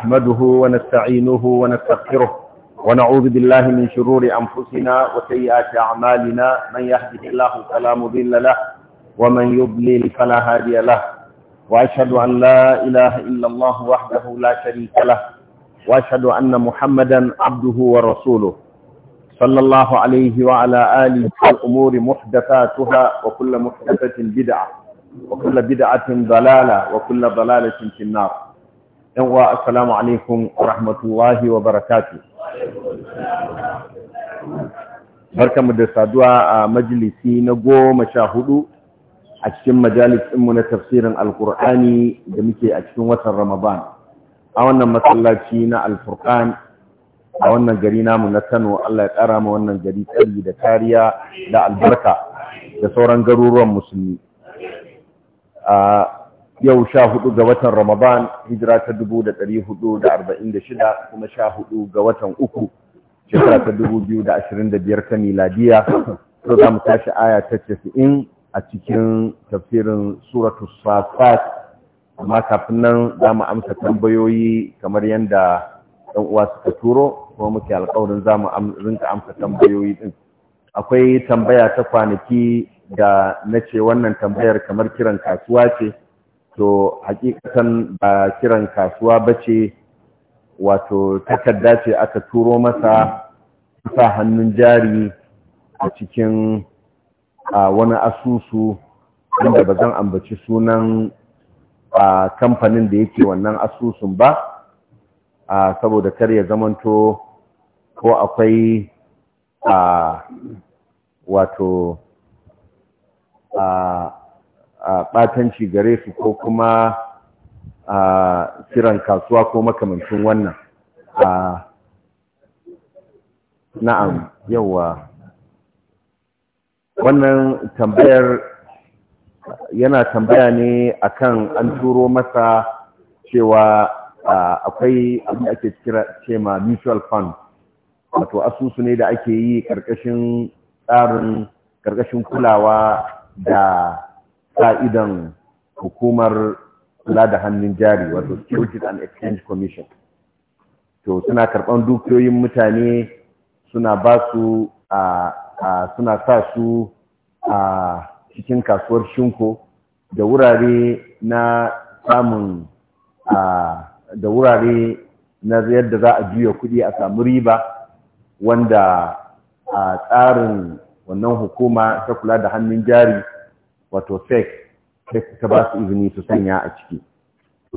نحمده ونستعينه ونستغفره ونعوذ بالله من شرور أنفسنا وسيئات أعمالنا من يهده الله فلا مضل له ومن يضلل فلا هادي له وأشهد أن لا إله إلا الله وحده لا شريك له وأشهد أن محمدا عبده ورسوله صلى الله عليه وعلى آله الأمور محدثاتها وكل محدثة بدعة وكل بدعة ضلالة وكل ضلالة في النار yan uwa assalamu alaikum wa rahmatullahi wa barakatu. barkamu da saduwa a majalisi na goma sha hudu a cikin majalis ɗinmu na tafsirin alkur'ani da muke a cikin watan ramadan a wannan masallaci na alfurkan a wannan gari namu na kano allah ya ƙara ma wannan gari tsari da kariya da albarka da sauran garuruwan musulmi yau sha hudu ga watan Ramadan hijira ta dubu da ɗari hudu da arba'in da shida kuma sha hudu ga watan uku shekara ta dubu biyu da ashirin da biyar ta miladiya to za mu tashi aya ta casa'in a cikin tafsirin suratu safat amma kafin nan za mu amsa tambayoyi kamar yadda ɗan uwa suka turo kuma muke alƙawarin za mu rinka amsa tambayoyi ɗin akwai tambaya ta kwanaki da na ce wannan tambayar kamar kiran kasuwa ce to hakikatan ba kiran kasuwa ba ce, wato takarda ce aka turo masa sa hannun jari a cikin wani asusu inda ba zan ambaci sunan kamfanin da yake wannan asusun ba saboda kar ya zamanto ko akwai wato batanci gare su ko kuma a kiran kasuwa ko makamancin wannan na'am yawa wannan tambayar yana tambaya ne akan an turo masa cewa akwai abin da ake kira cema mutual fund wato asusu ne da ake yi karkashin tsarin karkashin kulawa da ka'idan hukumar kula da hannun jari wato securities and exchange commission to suna karɓar dukiyoyin mutane suna ba su suna sa su a cikin kasuwar shinko da wurare na samun da wurare na yadda za a juya kuɗi a samu riba wanda a tsarin wannan hukuma ta kula da hannun jari wato sex sai ta ba su izini su sanya a ciki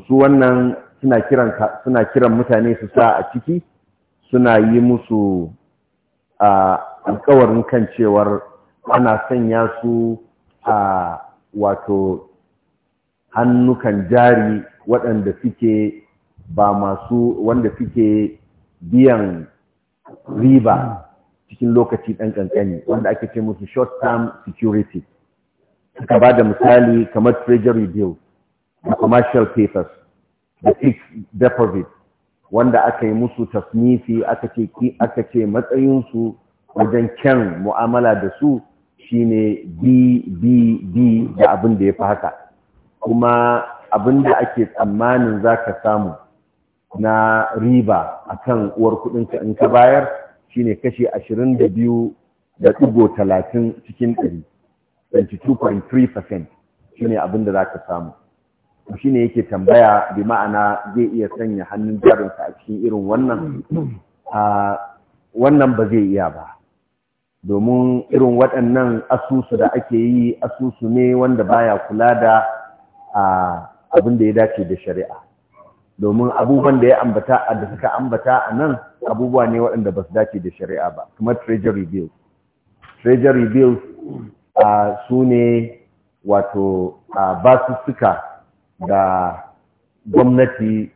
su wannan suna kiran suna kiran mutane su sa a ciki suna yi musu a alƙawarin kan cewar ana sanya su a wato hannukan jari waɗanda suke ba masu wanda suke biyan riba cikin lokaci ɗan ƙanƙani wanda ake ce musu short term security suka ba da misali kamar treasury bills da commercial papers da fixed deposit wanda aka yi musu tasnifi aka ce matsayinsu wajen kyan mu'amala da su shine BBB da abin da ya fi haka kuma abin da ake tsammanin za ka samu na riba a kan uwar kudinka in ka bayar shine kashe ashirin da biyu da ɗigo talatin cikin ɗari 22.3% shine abin da zaka samu shine yake tambaya bi ma'ana zai iya sanya hannun jarinsa a cikin irin wannan a wannan ba zai iya ba domin irin waɗannan asusu da ake yi asusu ne wanda baya kula da abin da ya dace da shari'a domin abubuwan da ya ambata a da suka ambata a nan abubuwa ne waɗanda ba su dace da shari'a ba kuma treasury bills treasury bills su ne wato basussuka da gwamnati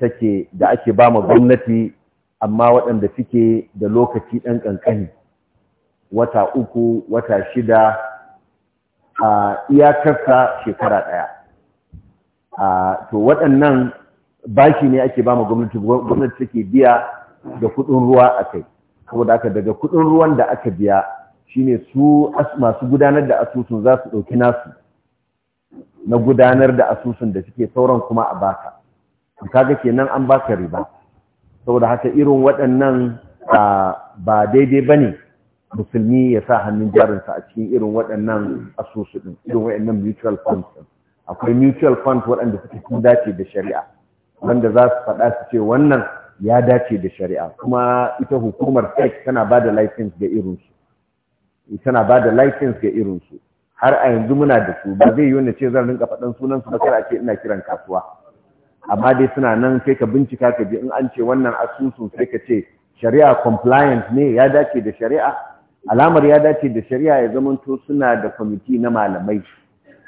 take da ake ba ma gwamnati amma waɗanda suke da lokaci ɗan ƙanƙani wata uku wata shida a iyakarsa shekara ɗaya to waɗannan bashi ne ake ba ma gwamnati gwamnati take biya da kuɗin ruwa a kai saboda aka daga kuɗin ruwan da aka biya shine su masu gudanar da asusun za su ɗauki nasu na gudanar da asusun da suke sauran kuma a baka kaga nan an baka riba saboda haka irin waɗannan ba daidai ba ne, musulmi ya sa hannun jarinsa a cikin irin waɗannan asusu ɗin irin waɗannan mutual funds akwai mutual funds waɗanda suke sun dace da shari'a wanda za su faɗa su ce wannan ya dace da shari'a kuma ita hukumar tana ba da license ga irinsu tana ba da license ga irinsu har a yanzu muna da su ba zai yiwu na ce zan rinka faɗan sunan su ba ake a ce ina kiran kasuwa amma dai suna nan sai ka bincika ka ji in an ce wannan asusun sai ka ce shari'a compliant ne ya dace da shari'a alamar ya dace da shari'a ya zamanto suna da kwamiti na malamai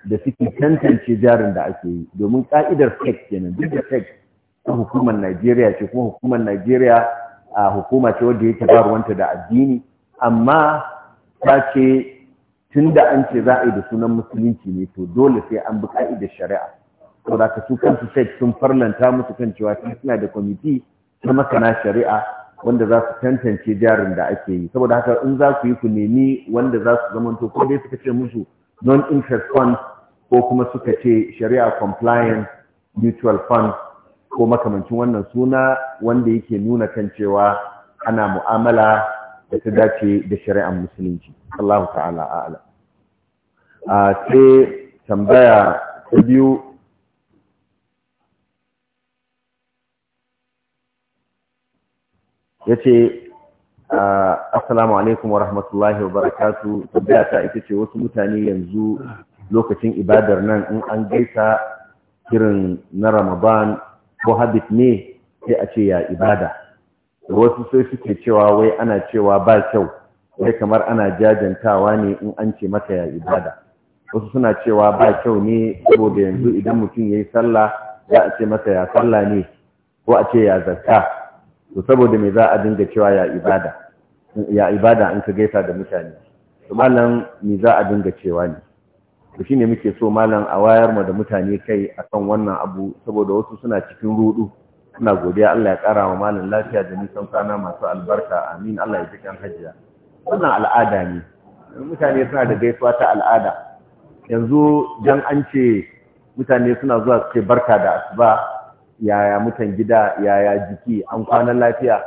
da suke tantance jarin da ake yi domin ka'idar tech kenan duk da tech ta hukumar Najeriya ce kuma hukumar Najeriya a hukuma ce wadda yake faruwanta da addini amma ta ce tun da an ce za a yi da sunan musulunci ne to dole sai an bi ka'idar shari'a to da ka su kansu sai sun farlanta musu kan cewa suna da kwamiti na masana shari'a wanda za su tantance jarin da ake yi saboda haka in za ku yi ku nemi wanda za su zamanto ko dai suka ce musu non interest fund ko kuma suka ce shari'a compliance mutual fund ko makamancin wannan suna wanda yake nuna kan cewa ana mu'amala da ta dace da shari'ar musulunci Allah ta'ala a'ala a ce tambaya ta biyu ya ce assalamu alaikum wa rahmatullahi wa barakatu tambaya ta ita ce wasu mutane yanzu lokacin ibadar nan in an gaisa irin na ramadan ko habit ne sai a ce ya ibada wasu sai suke cewa wai ana cewa ba kyau wai kamar ana jajantawa ne in an ce maka ya ibada wasu suna cewa ba kyau ne saboda yanzu idan mutum ya yi sallah za a ce masa ya sallah ne ko a ce ya zakka to saboda me za a dinga cewa ya ibada ya ibada an ka gaisa da mutane to malam me za a dinga cewa ne to shine muke so malam a wayar mu da mutane kai akan wannan abu saboda wasu suna cikin rudu ina godiya Allah ya kara wa malam lafiya da nisan kwana masu albarka amin Allah ya ji kan wannan al'ada ne mutane suna da gaisuwa ta al'ada yanzu jan an ce mutane suna zuwa su ce barka da asuba yaya mutan gida yaya jiki an kwana lafiya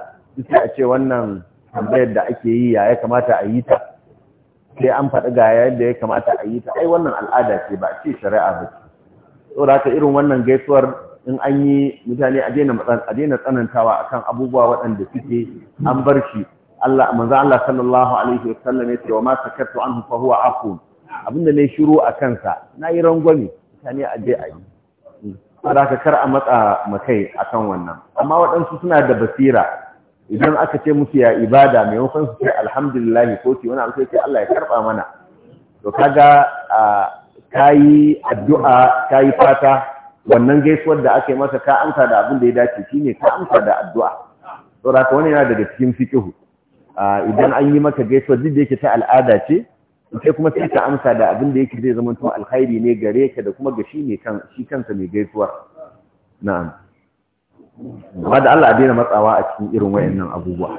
sai a ce wannan tambayar da ake yi yaya kamata a yi ta sai an faɗi ga yadda ya kamata a yi ta ai wannan al'ada ce ba ce shari'a ba ce saboda haka irin wannan gaisuwar in an yi mutane a daina tsanantawa akan abubuwa waɗanda suke an bar shi Allah manzo Allah sallallahu alaihi wasallam yace wa ma sakattu anhu fa huwa aqul abinda ne shiru a kansa yi rangwame mutane a je a yi saboda kar a matsa makai akan wannan amma waɗansu suna da basira idan aka ce musu ya ibada mai wasan su ce alhamdulillah ko ce wani abu sai Allah ya karɓa mana to kaga kayi addu'a kayi fata wannan gaisuwar da aka yi masa ka amsa da abin da ya dace shi ne ka amsa da addu'a saboda ka wani yana daga cikin fiqhu idan an yi maka gaisuwar duk da yake ta al'ada ce sai kuma sai ka amsa da abin da yake zai zama to alkhairi ne gare ka da kuma ga shi ne kan shi kansa mai gaisuwar na'am amma da Allah a daina matsawa a cikin irin wayannan abubuwa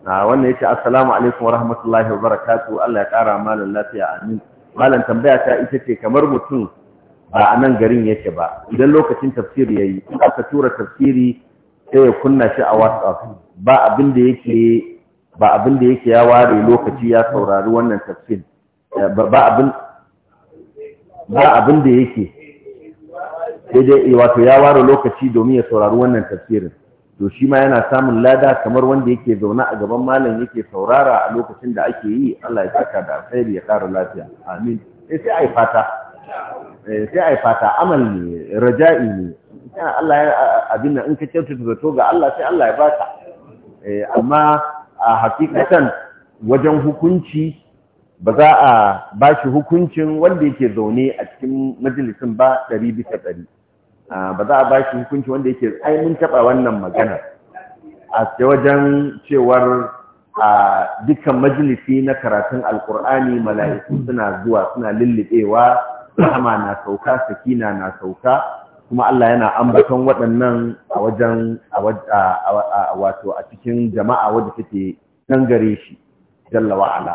Wannan wannan yace assalamu alaikum wa rahmatullahi wa barakatuh Allah ya kara malan lafiya amin malam tambaya ta ita ce kamar mutum ba a nan garin yake ba idan lokacin tafsiri yayi in aka tura tafsiri sai ya kunna shi a WhatsApp ba abin da yake ba abin da yake ya ware lokaci ya saurari wannan tafsir eh, ba abin ba abin da yake sai dai eh, wato ya ware lokaci domin ya saurari wannan tafsirin to shi ma yana samun lada kamar wanda yake zaune a gaban malam yake saurara a lokacin da ake yi Allah ya saka da alkhairi ya ƙara lafiya amin eh, sai ai fata eh, sai ai fata amal raja'i ne Allah ya abin nan in ka kyautata zato ga Allah sai Allah ya baka eh, amma a hakikatan wajen hukunci ba za a bashi hukuncin wanda yake zaune a cikin majalisin ba ɗari bisa ɗari ba za a ba shi hukunci wanda yake ai mun taɓa wannan magana a wajen cewar a dukkan majalisi na karatun alkur'ani mala'iku suna zuwa suna lullubewa rahama na sauka sakina na sauka kuma Allah yana ambaton waɗannan a wajen wato a cikin jama'a wadda take nan gare shi jalla wa'ala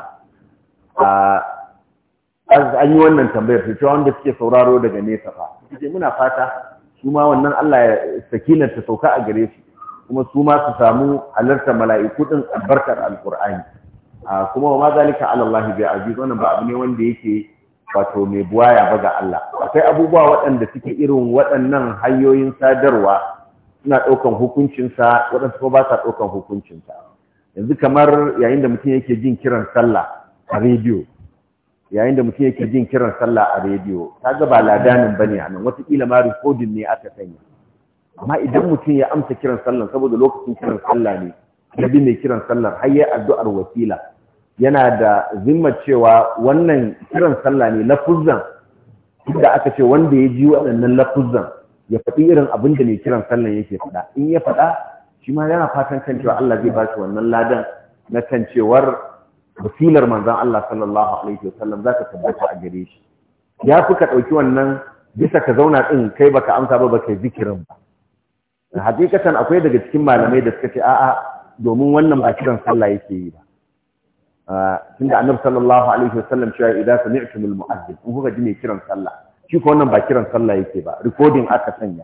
an yi wannan tambayar su cewa wanda suke sauraro daga nesa fa muna fata su ma wannan Allah ya sakinar ta sauka a gare su kuma su ma su samu halarta mala'iku din albarkar alqur'ani kuma wa ma zalika ala Allah bi aziz wannan ba abu ne wanda yake wato mai buwaya ba ga Allah akwai abubuwa waɗanda suke irin waɗannan hanyoyin sadarwa suna ɗaukan hukuncinsa waɗansu kuma ba sa ɗaukan hukuncinsa yanzu kamar yayin da mutum yake jin kiran sallah a rediyo yayin da mutum yake jin kiran sallah a rediyo ta ga ba ladanin ne anan watakila ma rikodin ne aka sanya amma idan mutum ya amsa kiran sallah saboda lokacin kiran sallah ne bi mai kiran sallah har ya addu'ar wakila, yana da zimma cewa wannan kiran sallah ne lafuzzan da aka ce wanda ya ji waɗannan lafuzan ya faɗi irin abin da mai kiran sallah yake faɗa in ya faɗa shi ma yana fatan kan cewa Allah zai ba shi wannan ladan na kan cewar wasilar manzan Allah sallallahu alaihi wasallam zaka tabbata a gare shi ya fi ka ɗauki wannan bisa ka zauna ɗin kai baka amsa ba baka zikirin ba Na hakikatan akwai daga cikin malamai da suka ce a'a domin wannan ba kiran sallah yake yi ba ah, da annabi sallallahu alaihi wasallam cewa idza sami'tumul mu'adhdhin in kuka ji mai kiran sallah shi ko wannan ba kiran sallah yake ba recording aka sanya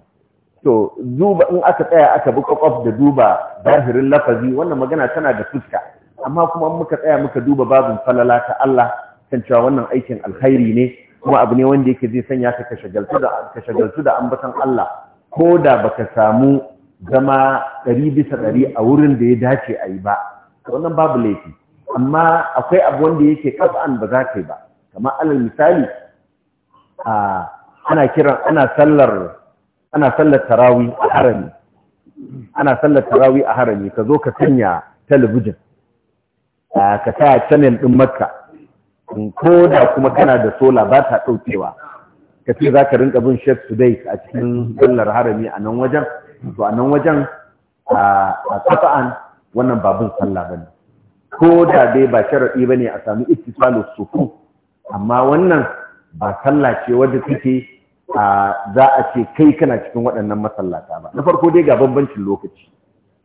to duba in aka tsaya aka bi kwakwaf da duba zahirin lafazi wannan magana tana da fuska amma kuma muka tsaya muka duba babin falala ta Allah kan cewa wannan aikin alkhairi ne kuma abu ne wanda yake zai sanya ka kashagaltu da kashagaltu da ambaton Allah ko da baka samu zama ɗari bisa ɗari a wurin da ya dace a yi ba wannan babu laifi amma akwai abu wanda yake kafan ba za ka yi ba kamar alal misali a ana kiran ana sallar ana sallar tarawih a harami ana sallar tarawih a harami ka zo ka sanya talabijin ka sa channel ɗin makka ko da kuma kana da sola ba ta ɗaukewa ka ce za ka rinka bin chef today a cikin dallar harami a nan wajen to a nan wajen a kafa'an wannan babun sallah ba ne ko da dai ba sharaɗi ba ne a sami ittisalu suku amma wannan ba sallah ce wadda take za a ce kai kana cikin waɗannan masallata ba na farko dai ga bambancin lokaci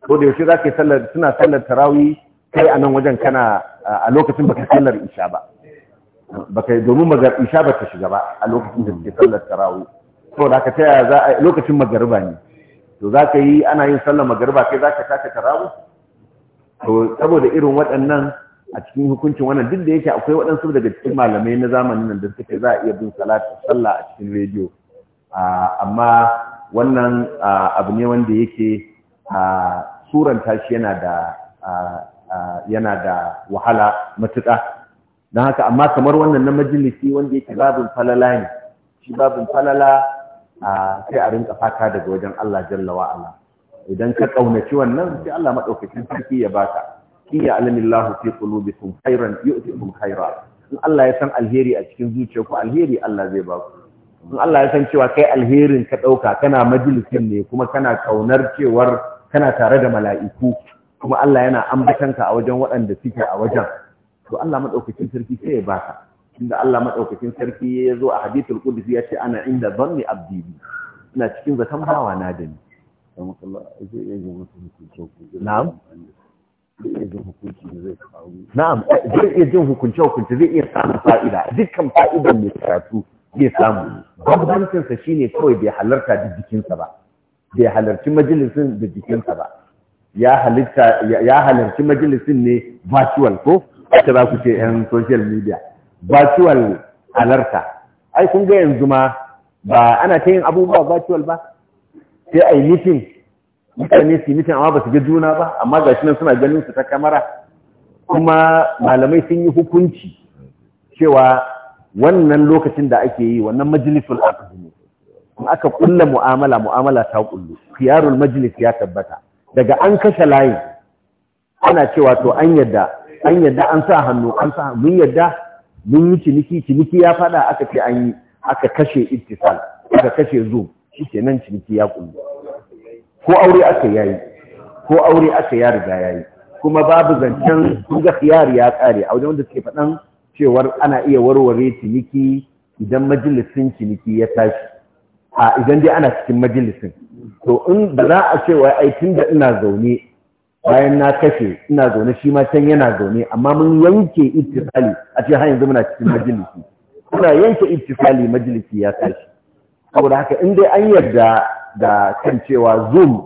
ko da yaushe za ka yi sallar suna sallar tarawih kai a nan wajen kana a lokacin baka sallar isha ba baka domin magar isha ba ta shiga ba a lokacin da suke sallar tarawu to da ka taya za a lokacin magariba ne to za ka yi ana yin sallar magariba kai za ka taka tarawu to saboda irin waɗannan a cikin hukuncin wannan duk da yake akwai waɗansu daga cikin malamai na zamanin nan da suka za a iya bin sallah a cikin rediyo amma wannan abu ne wanda yake suranta shi yana da Ah, yana da wahala matuƙa don haka amma kamar wannan na majalisi wanda yake babin falala ne shi babin falala ah, sai a rinka fata daga wajen Allah jalla wa'ala idan ka kaunaci wannan sai Allah maɗaukacin sarki ya baka in ya alamillahu fi qulubikum khairan yu'tikum khaira in Allah ya san alheri a cikin zuciyarku alheri Allah zai baku in Allah ya san cewa kai alherin ka ɗauka kana majalisin ne kuma kana kaunar cewar kana tare da mala'iku kuma Allah yana ambatanka a wajen waɗanda suke a wajen to Allah madaukakin sarki sai ya baka inda Allah madaukakin sarki ya zo a hadithul qudsi ya ce ana inda dhanni abdi ina cikin zakan bawa na da ni na'am na'am zai iya jin hukunce hukunce zai iya samu fa'ida dukkan fa'idan mai karatu zai samu bambancinsa shine kawai bai halarta da jikinsa ba bai halarci majalisin da jikinsa ba ya halarci majalisin ne virtual ko ta za ku ce yan social media virtual alerta ai kun ga yanzu ma ba ana ta yin abubuwa virtual ba sai ai meeting mutane su yi meeting amma ba su ga juna ba amma ga nan suna ganin su ta kamara kuma malamai sun yi hukunci cewa wannan lokacin da ake yi wannan majalisul ne aka kulla mu'amala mu'amala ta kullu khiyarul majlis ya tabbata daga an kashe layi, ana cewa to an yadda an yadda an sa hannu an sa mun yadda mun yi ciniki ciniki ya fada aka ce an yi aka kashe ittisal aka kashe zoom ke nan ciniki ya kullu ko aure aka yayi ko aure aka ya riga yayi kuma babu zancen kun ga khiyar ya kare a wajen wanda suke faɗan cewar ana iya warware ciniki idan majalisin ciniki ya tashi a idan dai ana cikin majalisin to in ba za a ce wai ai tunda ina zaune bayan na kashe ina zaune shi ma can yana zaune amma mun yanke ittifali a ce har yanzu muna cikin majalisi kuna yanke ittifali majalisi ya tashi saboda haka in dai an yarda da kan cewa zoom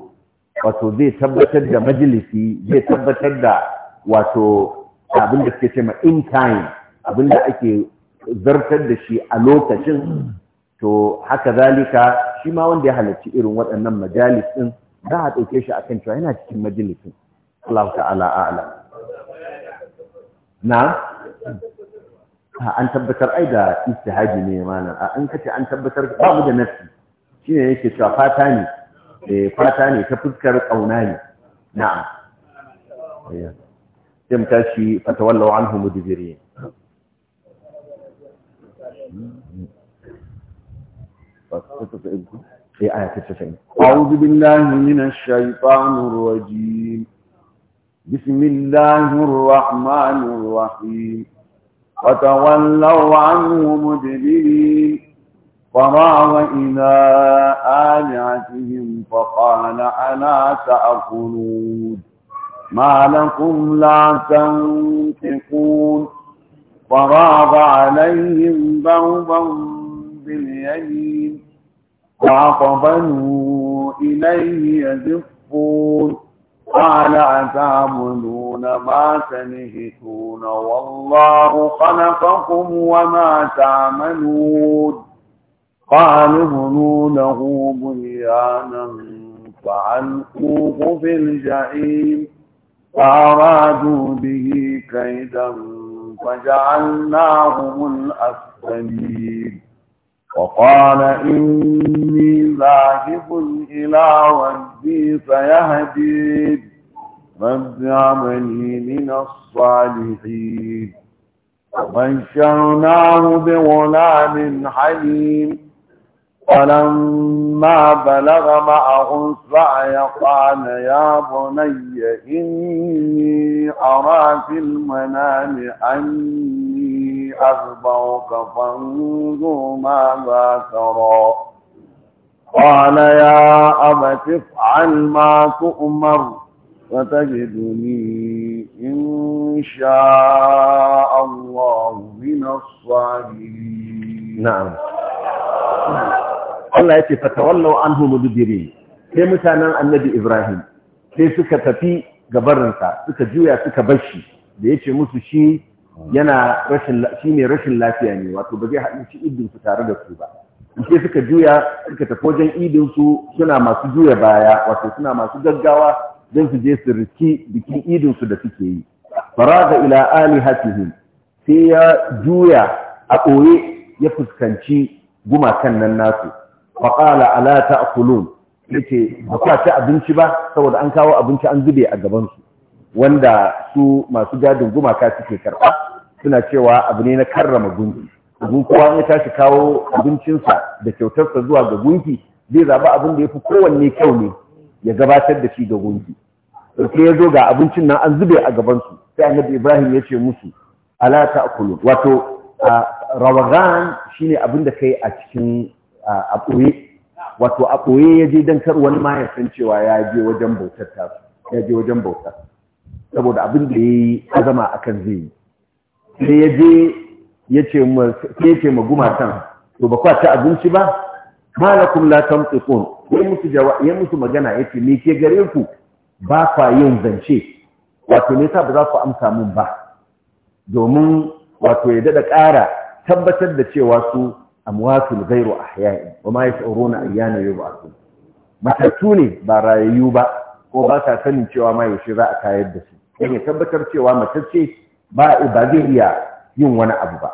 wato zai tabbatar da majalisi zai tabbatar da wato abin da suke ce ma in time abin da ake zartar da shi a lokacin to haka zalika shi ma wanda ya halarci irin waɗannan majalis ɗin za a ɗauke shi a kan cewa yana cikin majalisin Allah ta'ala a'ala na an tabbatar ai da istihaji ne mana A an kace an tabbatar ba mu da nafsi shine yake cewa fata ne eh, fata ne ta fuskar kauna ne na'am sai mu tashi fatawallahu anhu mudbirin أعوذ بالله من الشيطان الرجيم بسم الله الرحمن الرحيم وتولوا عنه مدبرين فراغ إلى آلهتهم فقال ألا تأكلون ما لكم لا تنطقون فراغ عليهم ضربا اليمين فأقبلوا إليه يزفون قال أتعبدون ما تنهتون والله خلقكم وما تعملون قالوا ابنوا له بنيانا فألقوه في الجحيم فأرادوا به كيدا فجعلناهم الأسفلين وقال إني ذاهب إلى ربي فيهدي رب عملي من الصالحين وبشرناه بغلام حليم فلما بلغ معه السعي قال يا بني إني أرى في المنام أني أتبعك فانظر ماذا ترى قال يا أبت افعل ما تؤمر فتجدني إن شاء الله من الصالحين نعم Allah ya ce fatawallau an hu mudubiri sai mutanen annabi Ibrahim sai suka tafi gabarinsa suka juya suka bashi da ya ce musu shi yana rashin Shi ne rashin lafiya ne wato ba zai haɗu ci idin su tare da su ba sai suka juya suka tafi wajen idin su suna masu juya baya wato suna masu gaggawa don su je su riki bikin idin su da suke yi faraga ila alihatihim sai ya juya a ɓoye ya fuskanci gumakan nan nasu qala ala ta'kulun yace ba kwa ci abinci ba saboda an kawo abinci an zube a gabansu wanda su masu gadin gumaka suke karɓa suna cewa abu ne na karrama gunki abin kowa ya tashi kawo abincinsa da kyautarsa zuwa ga gunki zai zaba abin da ya fi kowanne kyau ne ya gabatar da shi ga gunki sai ya zo ga abincin nan an zube a gabansu sai annabi ibrahim ya ce musu ala akulu wato rawagan shine abin da kai a cikin a wato a ya je don kar wani ma ya san cewa ya je wajen bautar ta, ya je wajen bautar saboda abin da ya yi azama akan zai yi sai ya je ya ce ma gumatan to ba kwa abinci ba malakum la tamtiqun yayin musu ya musu magana yace me ke gare ku ba kwa yin zance wato ne sa ba za ku amsa mun ba domin wato ya dada kara, tabbatar da cewa su amwatul ghairu ahya'i wa ma yas'uruna ayyana yub'athu matattu ne ba rayayyu ba ko ba sa sanin cewa ma yaushe za a kayar da su dan ya tabbatar cewa matacce ba zai iya yin wani abu ba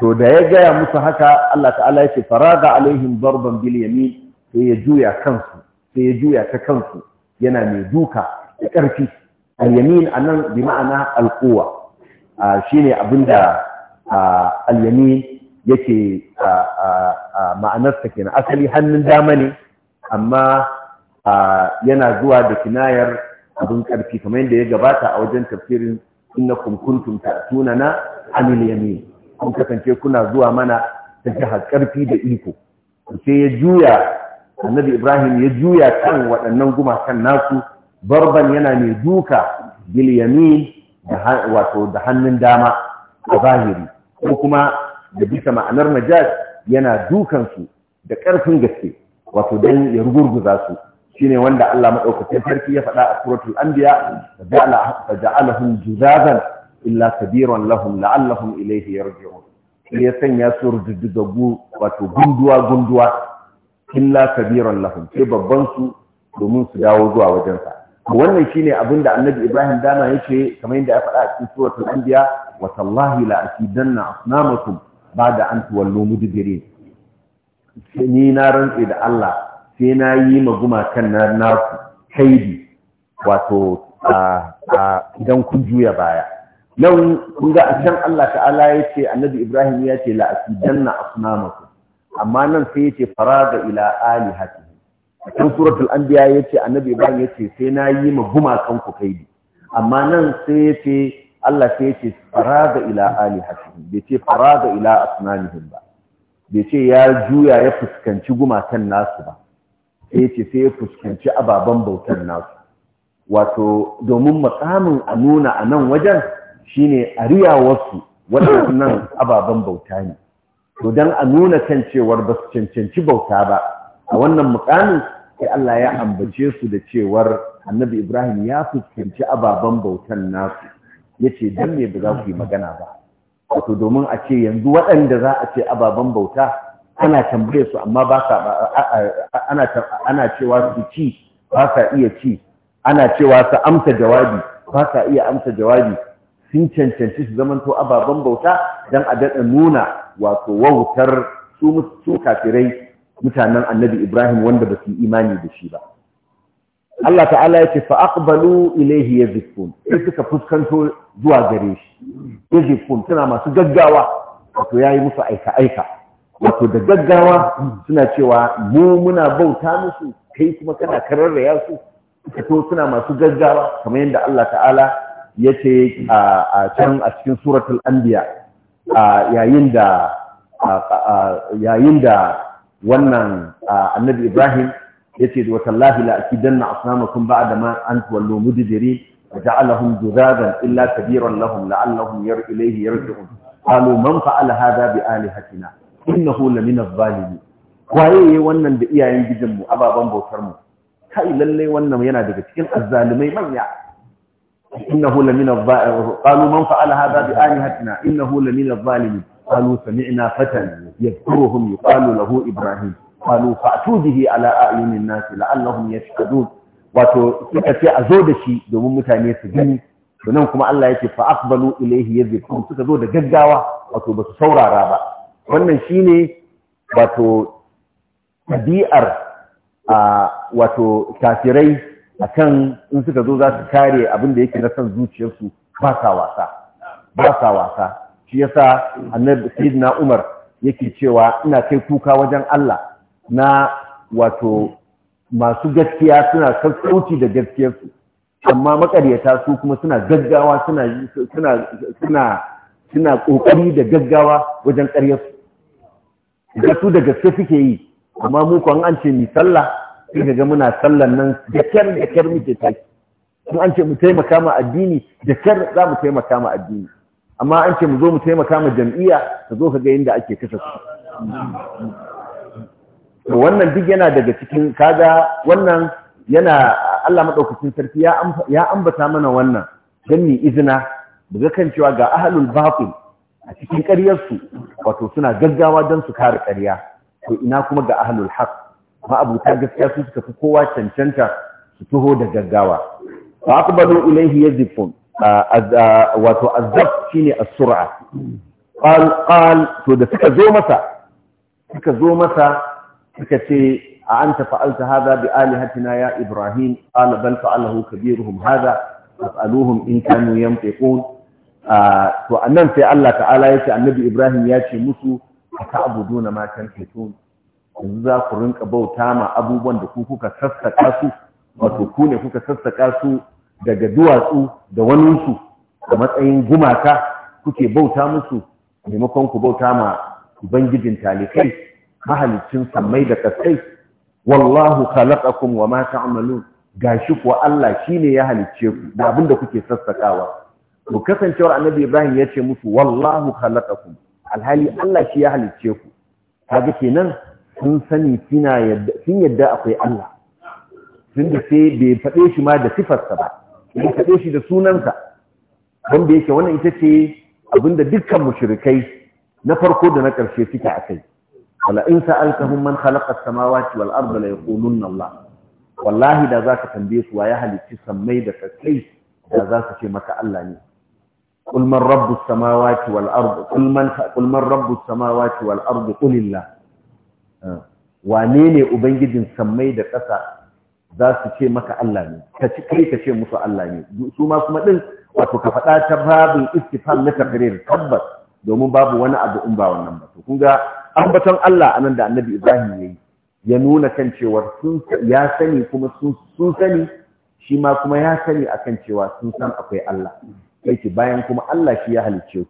to da ya gaya musu haka Allah ta'ala ya ce faraga alaihim darban bil sai ya juya kansu sai ya juya ta kansu yana mai duka da ƙarfi Alyamin yamin anan bi ma'ana al quwa shine abinda Alyamin yake ma'anar ma'anarsa kenan asali hannun dama ne amma yana zuwa da kinayar abin ƙarfi kamar yadda ya gabata a wajen tafsirin innakum kuntum ta'tunana anil yamin kun kasance kuna zuwa mana ta jihar karfi da iko sai ya juya annabi ibrahim ya juya kan waɗannan gumakan nasu barban yana mai duka bil yamin wato da hannun dama a zahiri ko kuma da bisa ma'anar Najas yana dukansu da ƙarfin gaske wato don ya rugurguza su shine wanda Allah madaukakin sarki ya faɗa a suratul anbiya ja'ala ja'alahum juzazan illa kabiran lahum la'allahum ilayhi yarji'un ya sanya su rududdugaggu wato gunduwa gunduwa illa kabiran lahum sai babban su domin su dawo zuwa wajensa wannan shine abin da annabi ibrahim dama yace kamar yadda ya faɗa a cikin suratul anbiya wa tallahi la asidanna asnamakum ba'da an tuwallu mudbirin ni na rantse da Allah sai na yi ma gumakan na naku kaidi wato a idan kun juya baya nan kun ga can Allah ta'ala ya ce annabi Ibrahim ya ce la'asidanna asnamaku amma nan sai ya ce faraga ila Ali alihati a can suratul anbiya ya ce annabi Ibrahim ya ce sai na yi ma gumakan ku kaidi amma nan sai ya ce Allah sai ya ce faraga ila Ali alihati bai ce faraga ila asnamihim ba bai ce ya juya ya fuskanci gumakan nasu ba sai ce sai ya fuskanci ababen bautar nasu wato domin makamin a nuna a nan wajen shine a wasu waɗannan ababen bauta ne to don a nuna kan cewar ba su cancanci bauta ba a wannan mukamin sai Allah ya ambace su da cewar annabi Ibrahim ya fuskanci ababen bautan nasu Yace ce don me ba za ku yi magana ba wato domin a ce yanzu waɗanda za a ce ababen bauta ana tambaye su amma ba sa ana cewa su ci ba sa iya ci ana cewa su amsa jawabi ba sa iya amsa jawabi sun cancanci su zamanto ababen bauta don a daɗa nuna wato wautar su kafirai mutanen annabi Ibrahim wanda ba su imani da shi ba. Allah ta'ala ya ce fa'aƙbalu ilaihi ya sai suka fuskanto zuwa gare shi, ya suna masu gaggawa, wato ya yi musu aika-aika. wato da gaggawa suna cewa mu muna bauta musu kai kuma kana kararraya su to suna masu gaggawa kamar yadda Allah ta'ala ya ce a can a cikin suratul anbiya yayin da yayin da wannan annabi Ibrahim ya ce wa tallahi la akidanna asnamakum ba'da ma an tuwallu a wa ja'alahum dudadan illa kabiran lahum la'allahum yar ilayhi yarji'un qalu man fa'ala hadha bi alihatina Inna innahu lamina zalimi waye yayi wannan da iyayen gijin mu ababan bautar mu kai lalle wannan yana daga cikin azzalimai manya Inna innahu lamina zalimi qalu man fa'ala hadha bi alihatina innahu lamina zalimi قالوا سمعنا فتى يذكرهم يقال له إبراهيم قالوا فأتوا به على أعين الناس لعلهم يشهدون wato suka ce a zo da shi domin mutane su gani to nan kuma Allah yake fa aqbalu ilayhi yadhkurun suka zo da gaggawa wato ba su saurara ba wannan shi ne wato ɗabi'ar a wato kafirai kan in suka zo za su kare abin da yake na san zuciyarsu ba sa wasa ba sa wasa shi yasa annabi na Umar yake cewa ina kai kuka wajen Allah na wato masu gaskiya suna sassauci da gaskiyarsu amma makaryata su kuma suna gaggawa suna suna kokari da gaggawa wajen ƙaryarsu da su da gaske suke yi amma mu kwan an ce mi sallah sai ga muna sallan nan da kyar da kyar muke tafi. Sun an ce mu taimaka ma addini da kyar za mu taimaka ma addini amma an ce mu zo mu taimaka ma jam'iyya ka zo ka ga yadda ake kasa su wannan duk yana daga cikin kaga wannan yana Allah maɗaukacin sarki ya ambata mana wannan don ni izina daga kan cewa ga Ahlul batil a cikin ƙaryarsu wato suna gaggawa don su kare ƙarya to ina kuma ga ahlul haq ma'abuta gaskiya su suka fi kowa cancanta su taho da gaggawa fa aqbalu ilayhi yazifun wato azab shine as-sur'a qal qal to da suka zo masa suka zo masa suka ce a anta fa'alta hadha bi alihatina ya ibrahim qala bal fa'alahu kabiruhum hadha fas'aluhum in kanu yanfiqun to annan sai Allah ta'ala ya annabi Ibrahim ya ce musu ta'buduna ma tanhitun yanzu za ku rinka bauta ma abubuwan da ku kuka sassaka su wato ku ne kuka sassaka su daga duwatsu da wani waninsu a matsayin gumaka kuke bauta musu maimakon ku bauta ma ubangijin talikai mahalicin sammai da kasai wallahu khalaqakum wa ma ta'malun gashi kuwa Allah shine ya halicce ku da abinda kuke sassakawa to kasancewar annabi ibrahim ya ce musu wallahu khalaqakum alhali Allah shi ya halicce ku kaga kenan sun sani kina yadda sun yadda akwai Allah sun da sai bai faɗe shi ma da sifarsa ba bai faɗe shi da sunansa wanda yake wannan ita ce abinda dukkan mushrikai na farko da na ƙarshe suke a kai wala in sa'altahum man khalaqa as-samawati wal arda la yaquluna Allah wallahi da zaka tambaye su wa ya halicci sammai da kai da za su ce maka Allah ne قل من رب السماوات والأرض قل من, قل من رب السماوات قل ubangijin sammai da ƙasa za su ce maka Allah ne ka kai ka ce musu Allah ne su ma kuma din wato ka faɗa ta babin istifam na takrir tabbas domin babu wani abu in ba wannan ba kun ga ambaton Allah anan da Annabi Ibrahim yayi ya nuna kan cewa sun ya sani kuma sun sani shi ma kuma ya sani akan cewa sun san akwai Allah yake bayan kuma Allah shi ya halicce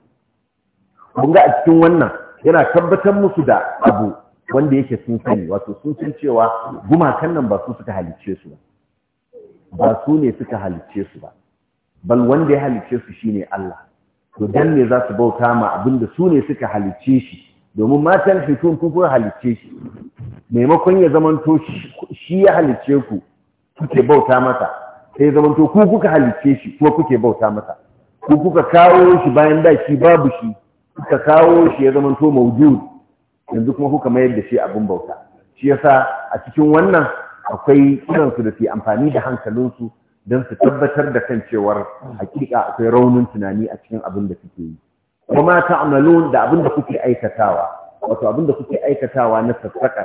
ku mun ga a cikin wannan yana tabbatar musu da abu wanda yake sun sani wato sun san cewa gumakan nan ba su suka halicce su ba ba su ne suka halicce su ba bal wanda ya halicce su shine Allah to dan ne za su bauta ma abinda su ne suka halicce shi domin matan tun kun kuma halicce shi maimakon ya to shi ya halicce ku kuke bauta mata sai zamanto ku kuka halicce shi kuma kuke bauta mata? ku kuka kawo shi bayan da shi babu shi kuka kawo shi ya zama to maujud yanzu kuma kuka mayar da shi abin bauta shi yasa a cikin wannan akwai kiransu da ke amfani da hankalinsu don su tabbatar da kan cewar hakika akwai raunin tunani a cikin abin da suke yi kuma ta amalon da abin da kuke aikatawa wato abin da kuke aikatawa na sassaka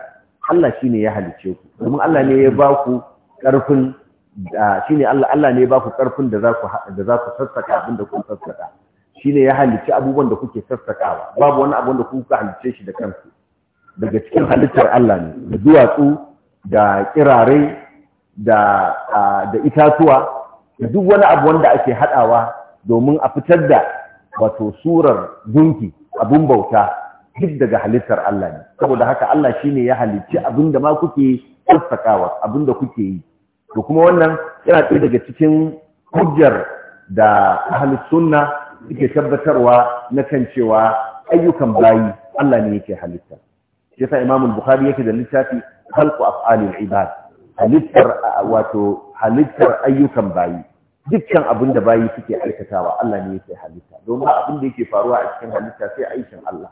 Allah shine ya halice ku domin Allah ne ya ba ku karfin shine Allah Allah ne ba ku karfin da za ku da za ku sassaka abin da kun sassaka shine ya halicci abubuwan da kuke sassakawa babu wani abin da kuka halicce shi da kansu daga cikin halittar Allah ne da duwatsu da kirare da itatuwa da duk wani abu wanda ake haɗawa domin a fitar da wato surar gunki abun bauta duk daga halittar Allah ne saboda haka Allah shine ya halicci abin da ma kuke sassakawa abin da kuke yi to kuma wannan yana ɗaya daga cikin hujjar da halittunna sunna suke tabbatarwa na kan cewa ayyukan bayi Allah ne yake halitta shi yasa Imam Bukhari yake da littafi khalqu af'alil ibad halittar wato halittar ayyukan bayi dukkan abin da bayi suke aikatawa Allah ne yake halitta don abin da yake faruwa a cikin halitta sai aikin Allah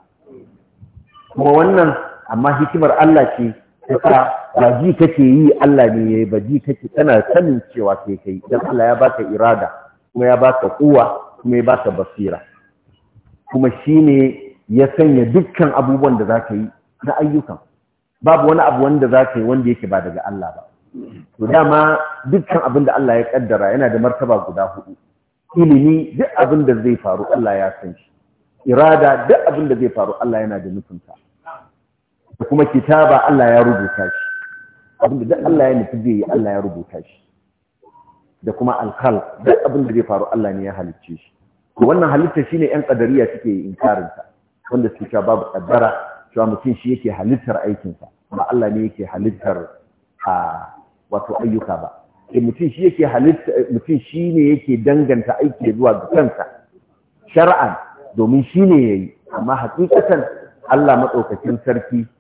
kuma wannan amma hikimar Allah ce Kasa ba ji kake yi Allah ne ya yi ba ji kake tana sanin cewa kai kai don Allah ya baka irada kuma ya baka kuwa kuma ya baka basira kuma shi ne ya sanya dukkan abubuwan da zaka yi na ayyukan babu wani abu wanda zaka yi wanda yake ba daga Allah ba to dama dukkan abin da Allah ya kaddara yana da martaba guda hudu ilimi duk abin da zai faru Allah ya san shi irada duk abin da zai faru Allah yana da nufinsa da kuma kitaba Allah ya rubuta shi abinda duk Allah ya nufi zai yi Allah ya rubuta shi da kuma alkal duk abinda zai faru Allah ne ya halicce shi to wannan halitta shine yan kadariya suke ta wanda su ka babu kaddara cewa mutum shi yake halittar aikinsa ba Allah ne yake halittar a wato ayyuka ba eh mutum shi yake halitta mutum shine yake danganta aiki zuwa ga kansa shar'an domin shine yayi amma hakikatan Allah madaukakin sarki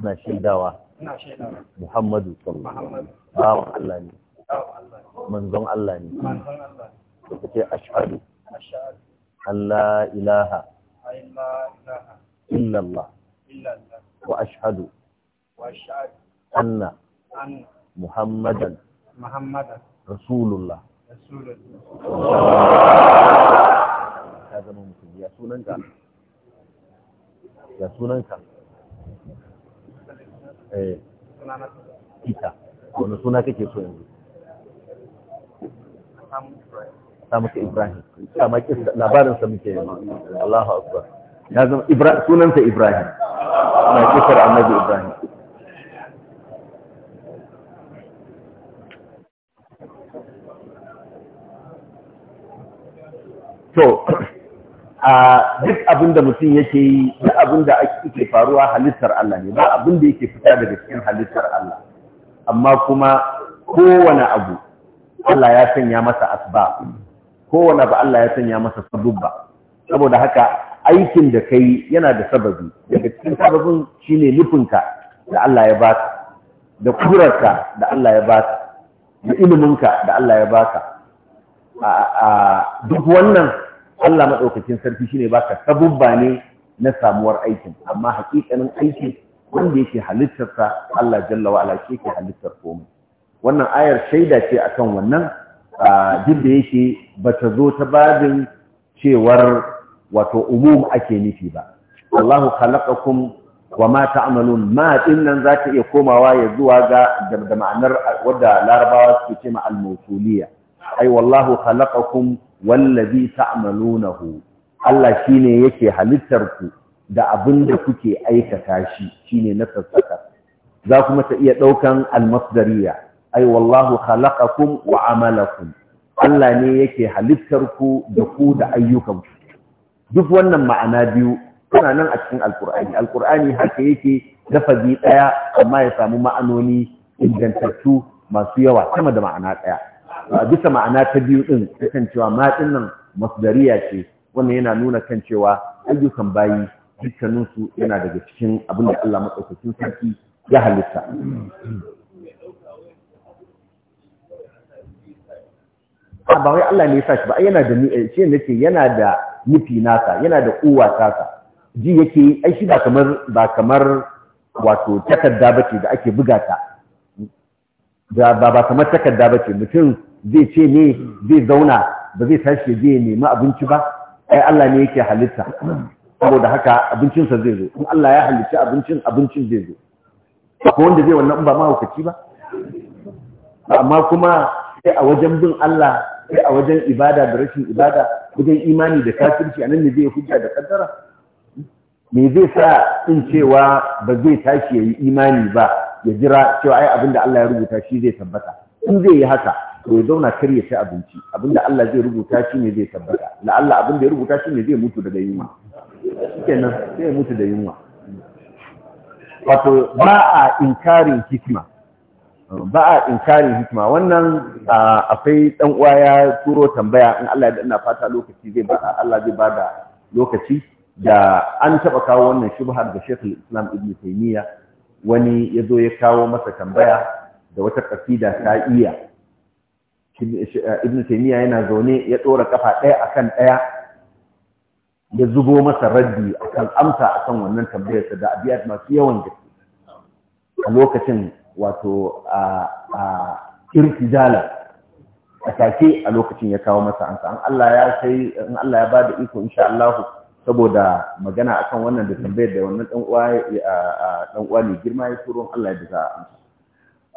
na shaidawa Muhammadu sallallahu alaihi wasallam Allah ne manzon Allah ne ka ce ashadu. Allah ilaha illa Allah wa ashadu! anna Muhammadan Rasulullah ya zama mutum ya sunanka ya sunanka eh ita wani suna kake so yanzu samu ka ibrahim kama labarin labarinsa muke yanzu allahu akbar ya zama sunansa ibrahim na kisar annabi ibrahim to a duk abin da mutum yake yi da abin da ake faruwa halittar Allah ne ba abin da yake fita daga cikin halittar Allah amma kuma kowane abu Allah ya sanya masa asba kowane abu Allah ya sanya masa sabubba saboda haka aikin da kai yana da sababi daga cikin sababin shine nufinka da Allah ya baka da kurarka da Allah ya baka da iliminka da Allah ya baka a duk wannan Allah maɗaukacin sarki shine baka sabubba ne na samuwar aikin amma haƙiƙanin aiki, wanda yake halittarsa Allah jalla wa ala ke halittar komai wannan ayar shaida ce akan wannan duk da yake bata zo ta babin cewar wato umum ake nufi ba Allahu khalaqakum wa ma ta'malun ma nan za ta iya komawa ya zuwa ga da ma'anar wadda larabawa suke ce ma al-mawsuliyya ai wallahu khalaqakum wallazi ta'malunahu Allah shine yake halittar ku da abin da kuke aikata shi shine na sassaka za kuma ta iya daukan almasdariya ai wallahu khalaqakum wa amalakum Allah ne yake halittar ku da ku da ayyukan ku duk wannan ma'ana biyu suna nan a cikin alqur'ani alqur'ani haka yake dafazi daya amma ya samu ma'anoni ingantattu masu yawa sama da ma'ana daya bisa ma'ana ta biyu ɗin kan cewa ma nan masdariya ce wannan yana nuna kan cewa ayyukan bayi dukkaninsu yana daga cikin abin da Allah maɗaukakin sarki ya halitta. ba wai Allah ne ya sashi shi ba yana da ce eh, nake yana da nufi nasa yana da kowa tasa ji yake ai shi ba kamar ba kamar wato takarda bace da ake buga ba ba kamar takarda bace mutum zai ce ne zai zauna ba zai tashi zai nemi abinci ba ai Allah ne yake halitta saboda haka abincinsa zai zo in Allah ya halitta abincin abincin zai zo ko wanda zai wannan ba mahaukaci ba amma kuma sai a wajen bin Allah sai a wajen ibada da rashin ibada wajen imani da kafirci anan ne zai hujja da kaddara me zai sa in cewa ba zai tashi yayi imani ba ya jira cewa ai abin da Allah ya rubuta shi zai tabbata in zai yi haka to ya zauna kar ya ci abinci abinda Allah zai rubuta shi ne zai tabbata la Allah abinda ya rubuta shi ne zai mutu daga yunwa kenan sai mutu da yunwa wato ba a inkarin hikima ba a inkarin hikima wannan akwai dan uwa ya turo tambaya in Allah ya ina fata lokaci zai ba Allah zai bada lokaci da an taba kawo wannan shubhar da Sheikh Islam Ibn Taymiyyah wani yazo ya kawo masa tambaya da wata kasida ta iya ibn taymiya yana zaune ya dora kafa daya akan daya ya zubo masa raddi akan amsa akan wannan tambayar sa da abiyat masu yawan gaske a lokacin wato a a irtijala a take a lokacin ya kawo masa amsa an Allah ya sai in Allah ya bada iko insha Allah saboda magana akan wannan da tambayar da wannan dan uwa dan uwa ne girma ya turo Allah ya da a amsa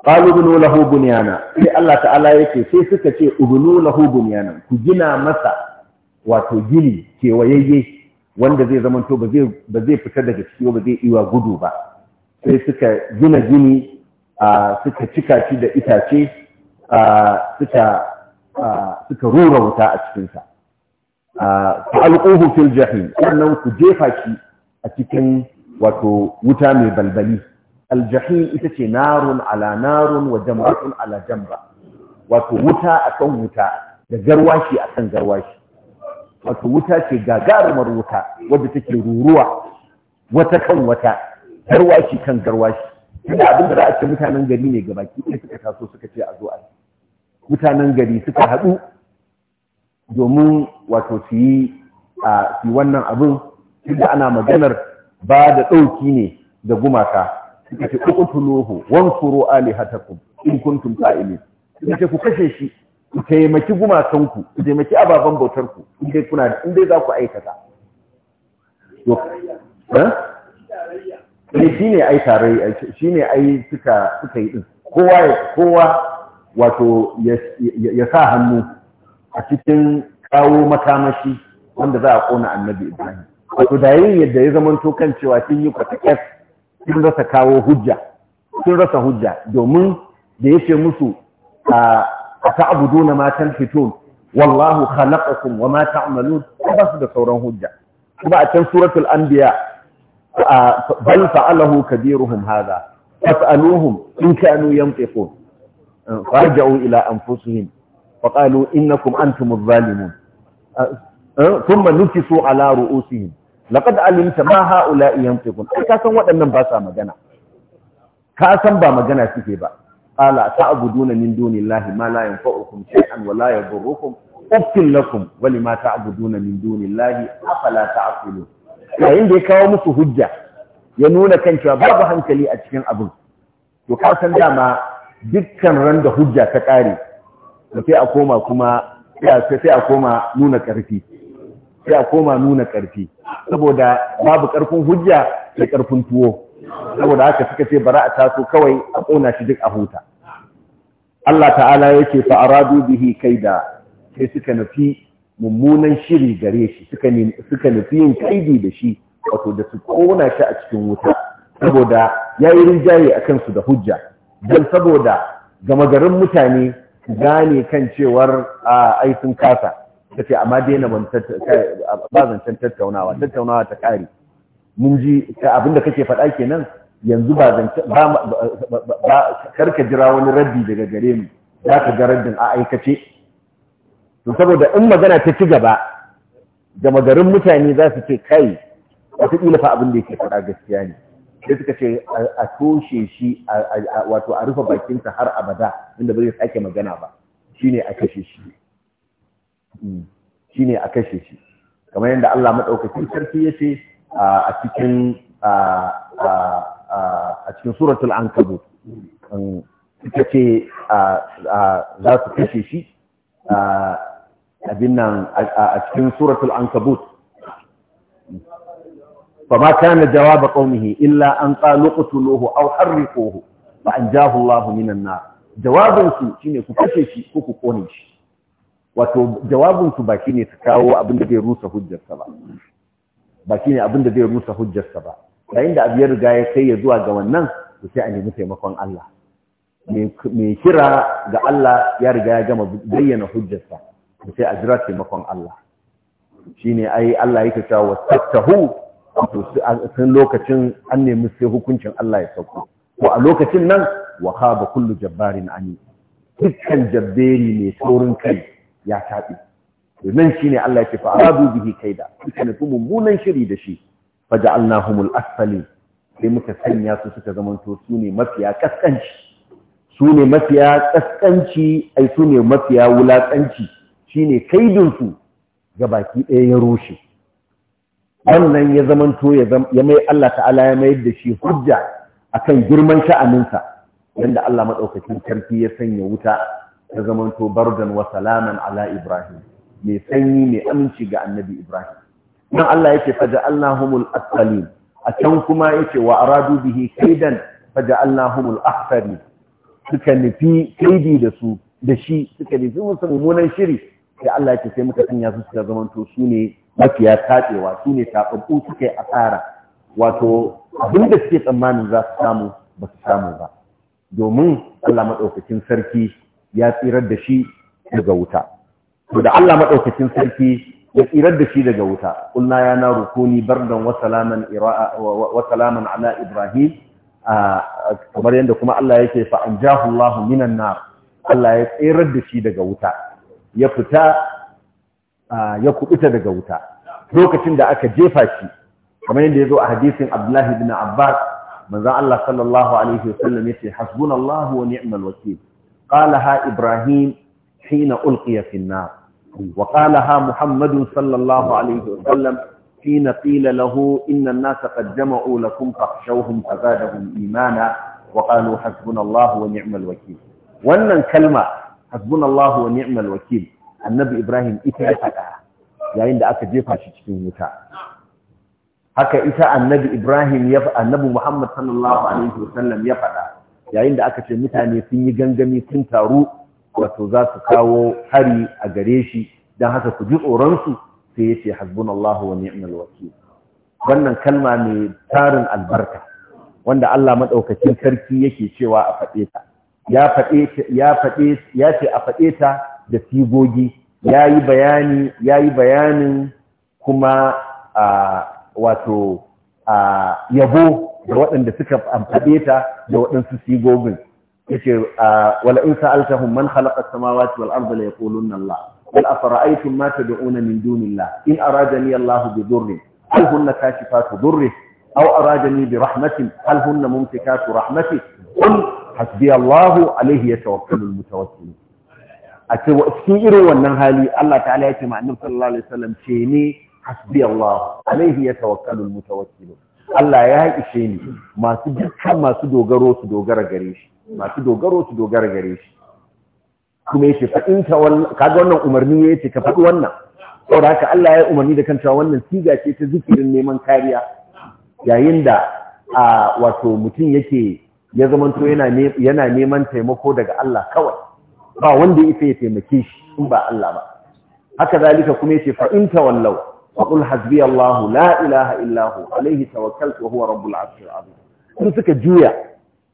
qalu bunu lahu bunyana sai Allah ta'ala yake sai suka ce ubunu lahu bunyana ku gina masa wato gini wayayye wanda zai zama to ba zai fita daga ciki ba zai iwa gudu ba sai suka gina gini a suka cika shi da itace suka rura wuta a cikinsa alquhu fil jahim sannan ku jefa shi a cikin wato wuta mai balbali aljahim ita ce narun ala narun wa jamratun ala jamra wato wuta akan wuta da garwashi akan garwashi wato wuta ce gagarumar wuta wadda take ruruwa wata kan wata garwashi kan garwashi ina abin da za a ce mutanen gari ne baki, ɗaya suka taso suka ce a zo a mutanen gari suka haɗu domin wato su yi wannan abin inda ana maganar ba da ɗauki ne da gumaka suka ce uqtuluhu wansuru alihatakum in kuntum fa'ilin suka ce ku kashe shi ku taimaki gumakanku ku taimaki ababen bautar ku in dai kuna in dai za ku aikata to eh, eh shine ai tare shine ai suka suka yi din kowa kowa wato ya sa hannu a cikin kawo makamashi wanda za a kona annabi Ibrahim wato da yin yadda ya zamanto kan cewa sun yi kwatakas sun rasa kawo hujja sun rasa hujja domin da yake musu a ta'buduna matan tanfitun wallahu khalaqakum wa ma ta'malun ba su da sauran hujja kuma a can suratul anbiya bal fa'alahu kabiruhum hadha fas'aluhum in kanu yanfiqun farja'u ila anfusihim wa qalu innakum antumuz zalimun eh, thumma nukisu ala ru'usihim laqad alimta ma haula tekun. ai ka san waɗannan ba sa magana ka san ba magana suke ba qala ta'buduna min dunillahi ma la yanfa'ukum shay'an wa la yadurrukum uffin lakum wa lima ta'buduna min dunillahi afala ta'qilun yayin da ya kawo musu hujja ya nuna kan cewa babu hankali a cikin abin to ka san dama dukkan ran da hujja ta kare sai a koma kuma sai a koma nuna ƙarfi sai a koma nuna ƙarfi saboda babu ƙarfin hujja da ƙarfin tuwo saboda haka suka ce bara a taso kawai a ƙona shi duk a huta Allah ta'ala yake fa aradu bihi da sai suka nufi mummunan shiri gare shi suka suka nufi yin kaidi da shi wato da su ƙona shi a cikin wuta saboda yayi rinjaye a kansu da hujja dan saboda gama garin mutane gane kan cewar a aikin kasa ta ce amma daina ba zancen tattaunawa tattaunawa ta kare mun ji abinda kake faɗa kenan yanzu ba zan ba karka jira wani raddi daga gare mu za ka ga raddin a aikace to saboda in magana ta ci gaba gama garin mutane za su ce kai wataƙila fa abin da yake faɗa gaskiya ne sai suka ce a toshe shi wato a rufe bakinsa har abada inda ba zai sake magana ba shine a kashe shi shi ne a kashe shi kamar yadda Allah maɗaukacin sarki ya ce a cikin suratul an kabo suka ce za su kashe shi bin nan a cikin suratul an kabo ba ma kana jawaba kaunihi illa an tsalo kutuluhu au harri ko ba an jahu lahu minan na jawabinsu shi ne ku kashe shi ko ku kone shi wato jawabinsu ba ne su kawo abin da zai rusa hujjarsa ba ba ne abin da zai rusa hujjarsa ba yayin da abu ya riga ya kai ya zuwa ga wannan to sai a nemi taimakon Allah mai kira ga Allah ya riga ya gama bayyana hujjarsa to sai a jira taimakon Allah shine ai Allah yake cewa wastahu to sai lokacin an nemi sai hukuncin Allah ya sauko ko a lokacin nan wa khaba kullu jabbarin ani dukkan jabberi ne saurin kai ya taɓi nan shi ne Allah ya ce fa aradu bihi kaida suka nufi mummunan shiri da shi fa ja'alnahumul asfali sai muka sanya su suka zamanto su ne mafiya kaskanci su ne mafiya kaskanci ai su ne mafiya wulaƙanci shine kaidin su ga baki ɗaya ya rushe wannan ya zamanto ya mai Allah ta'ala ya mayar da shi hujja akan girman sha'aninsa yanda Allah madaukakin sarki ya sanya wuta ta zamanto bardan wa salaman ala Ibrahim mai sanyi mai aminci ga annabi Ibrahim nan Allah yake faja'alnahumul asfalin a can kuma yake wa aradu bihi kaidan faja'alnahumul akhsari suka nufi kaidi da su da shi suka nufi musu mummunan shiri sai Allah yake sai muka sanya su suka zamanto su ne mafiya tatsewa su ne tababbu suka yi asara wato abin da suke tsammanin za su samu ba su samu ba domin Allah maɗaukacin sarki ya tsirar da shi daga wuta to da Allah maɗaukacin sarki ya tsirar da shi daga wuta kulna ya na rukuni bardan wa ala ibrahim kamar yadda kuma Allah yake fa anjahu Allah minan na. Allah ya tsirar da shi daga wuta ya fita ya kubuta daga wuta lokacin da aka jefa shi kamar yadda zo a hadisin Abdullahi bin Abbas manzon Allah sallallahu alaihi wasallam yace hasbunallahu wa ni'mal wakeel قالها إبراهيم حين ألقي في النار وقالها محمد صلى الله عليه وسلم حين قيل له إن الناس قد جمعوا لكم فاخشوهم فزادهم إيمانا وقالوا حسبنا الله ونعم الوكيل wannan kalma hasbunallahu wa ni'mal wakil annabi ibrahim ita ya faɗa yayin da aka je shi cikin wuta haka ita annabi ibrahim ya annabi muhammad sallallahu alaihi wasallam ya faɗa yayin da aka ce mutane sun yi gangami sun taru wato za su kawo hari a gare shi don haka ku ji tsoronsu sai ya ce Allah wa ni'mal wakil wannan kalma mai tarin albarka wanda Allah madaukakin sarki yake cewa a faɗe ta ya ce a faɗe ta da sigogi yayi bayani yayi bayanin kuma a wato a yabo da waɗanda suka amfaɗe ta da waɗansu sigogin ce wala in sa'altahum man khalaqa as-samawati wal arda la yaquluna Allah qul afara'aytum ma tad'una min dunillah in aradani Allah bi dhurrin hal hunna kashifatu dhurri aw aradani bi rahmatin hal hunna mumtikatu rahmati qul hasbi Allah alayhi yatawakkalu al-mutawakkilun a ce cikin irin wannan hali Allah ta'ala ya ce ma annabi sallallahu alaihi wasallam ce ne hasbi Allah alayhi yatawakkalu al-mutawakkilun Allah ya ishe ni masu dukkan masu dogaro su dogara gare shi masu dogaro su dogara gare shi kuma yace fa in ta wannan kaga wannan umarni yace ka faɗi wannan saboda haka Allah ya umarni da kanta wannan siga ce ta zikirin neman kariya yayin da a wato mutum yake ya to yana yana neman taimako daga Allah kawai ba wanda yake ya taimake shi in ba Allah ba haka zalika kuma yace fa in ta wallau faƙul hasbiya Allahu la ilaha illahu alaihi tawakkaltu wa huwa rabbul arshil azim sun suka juya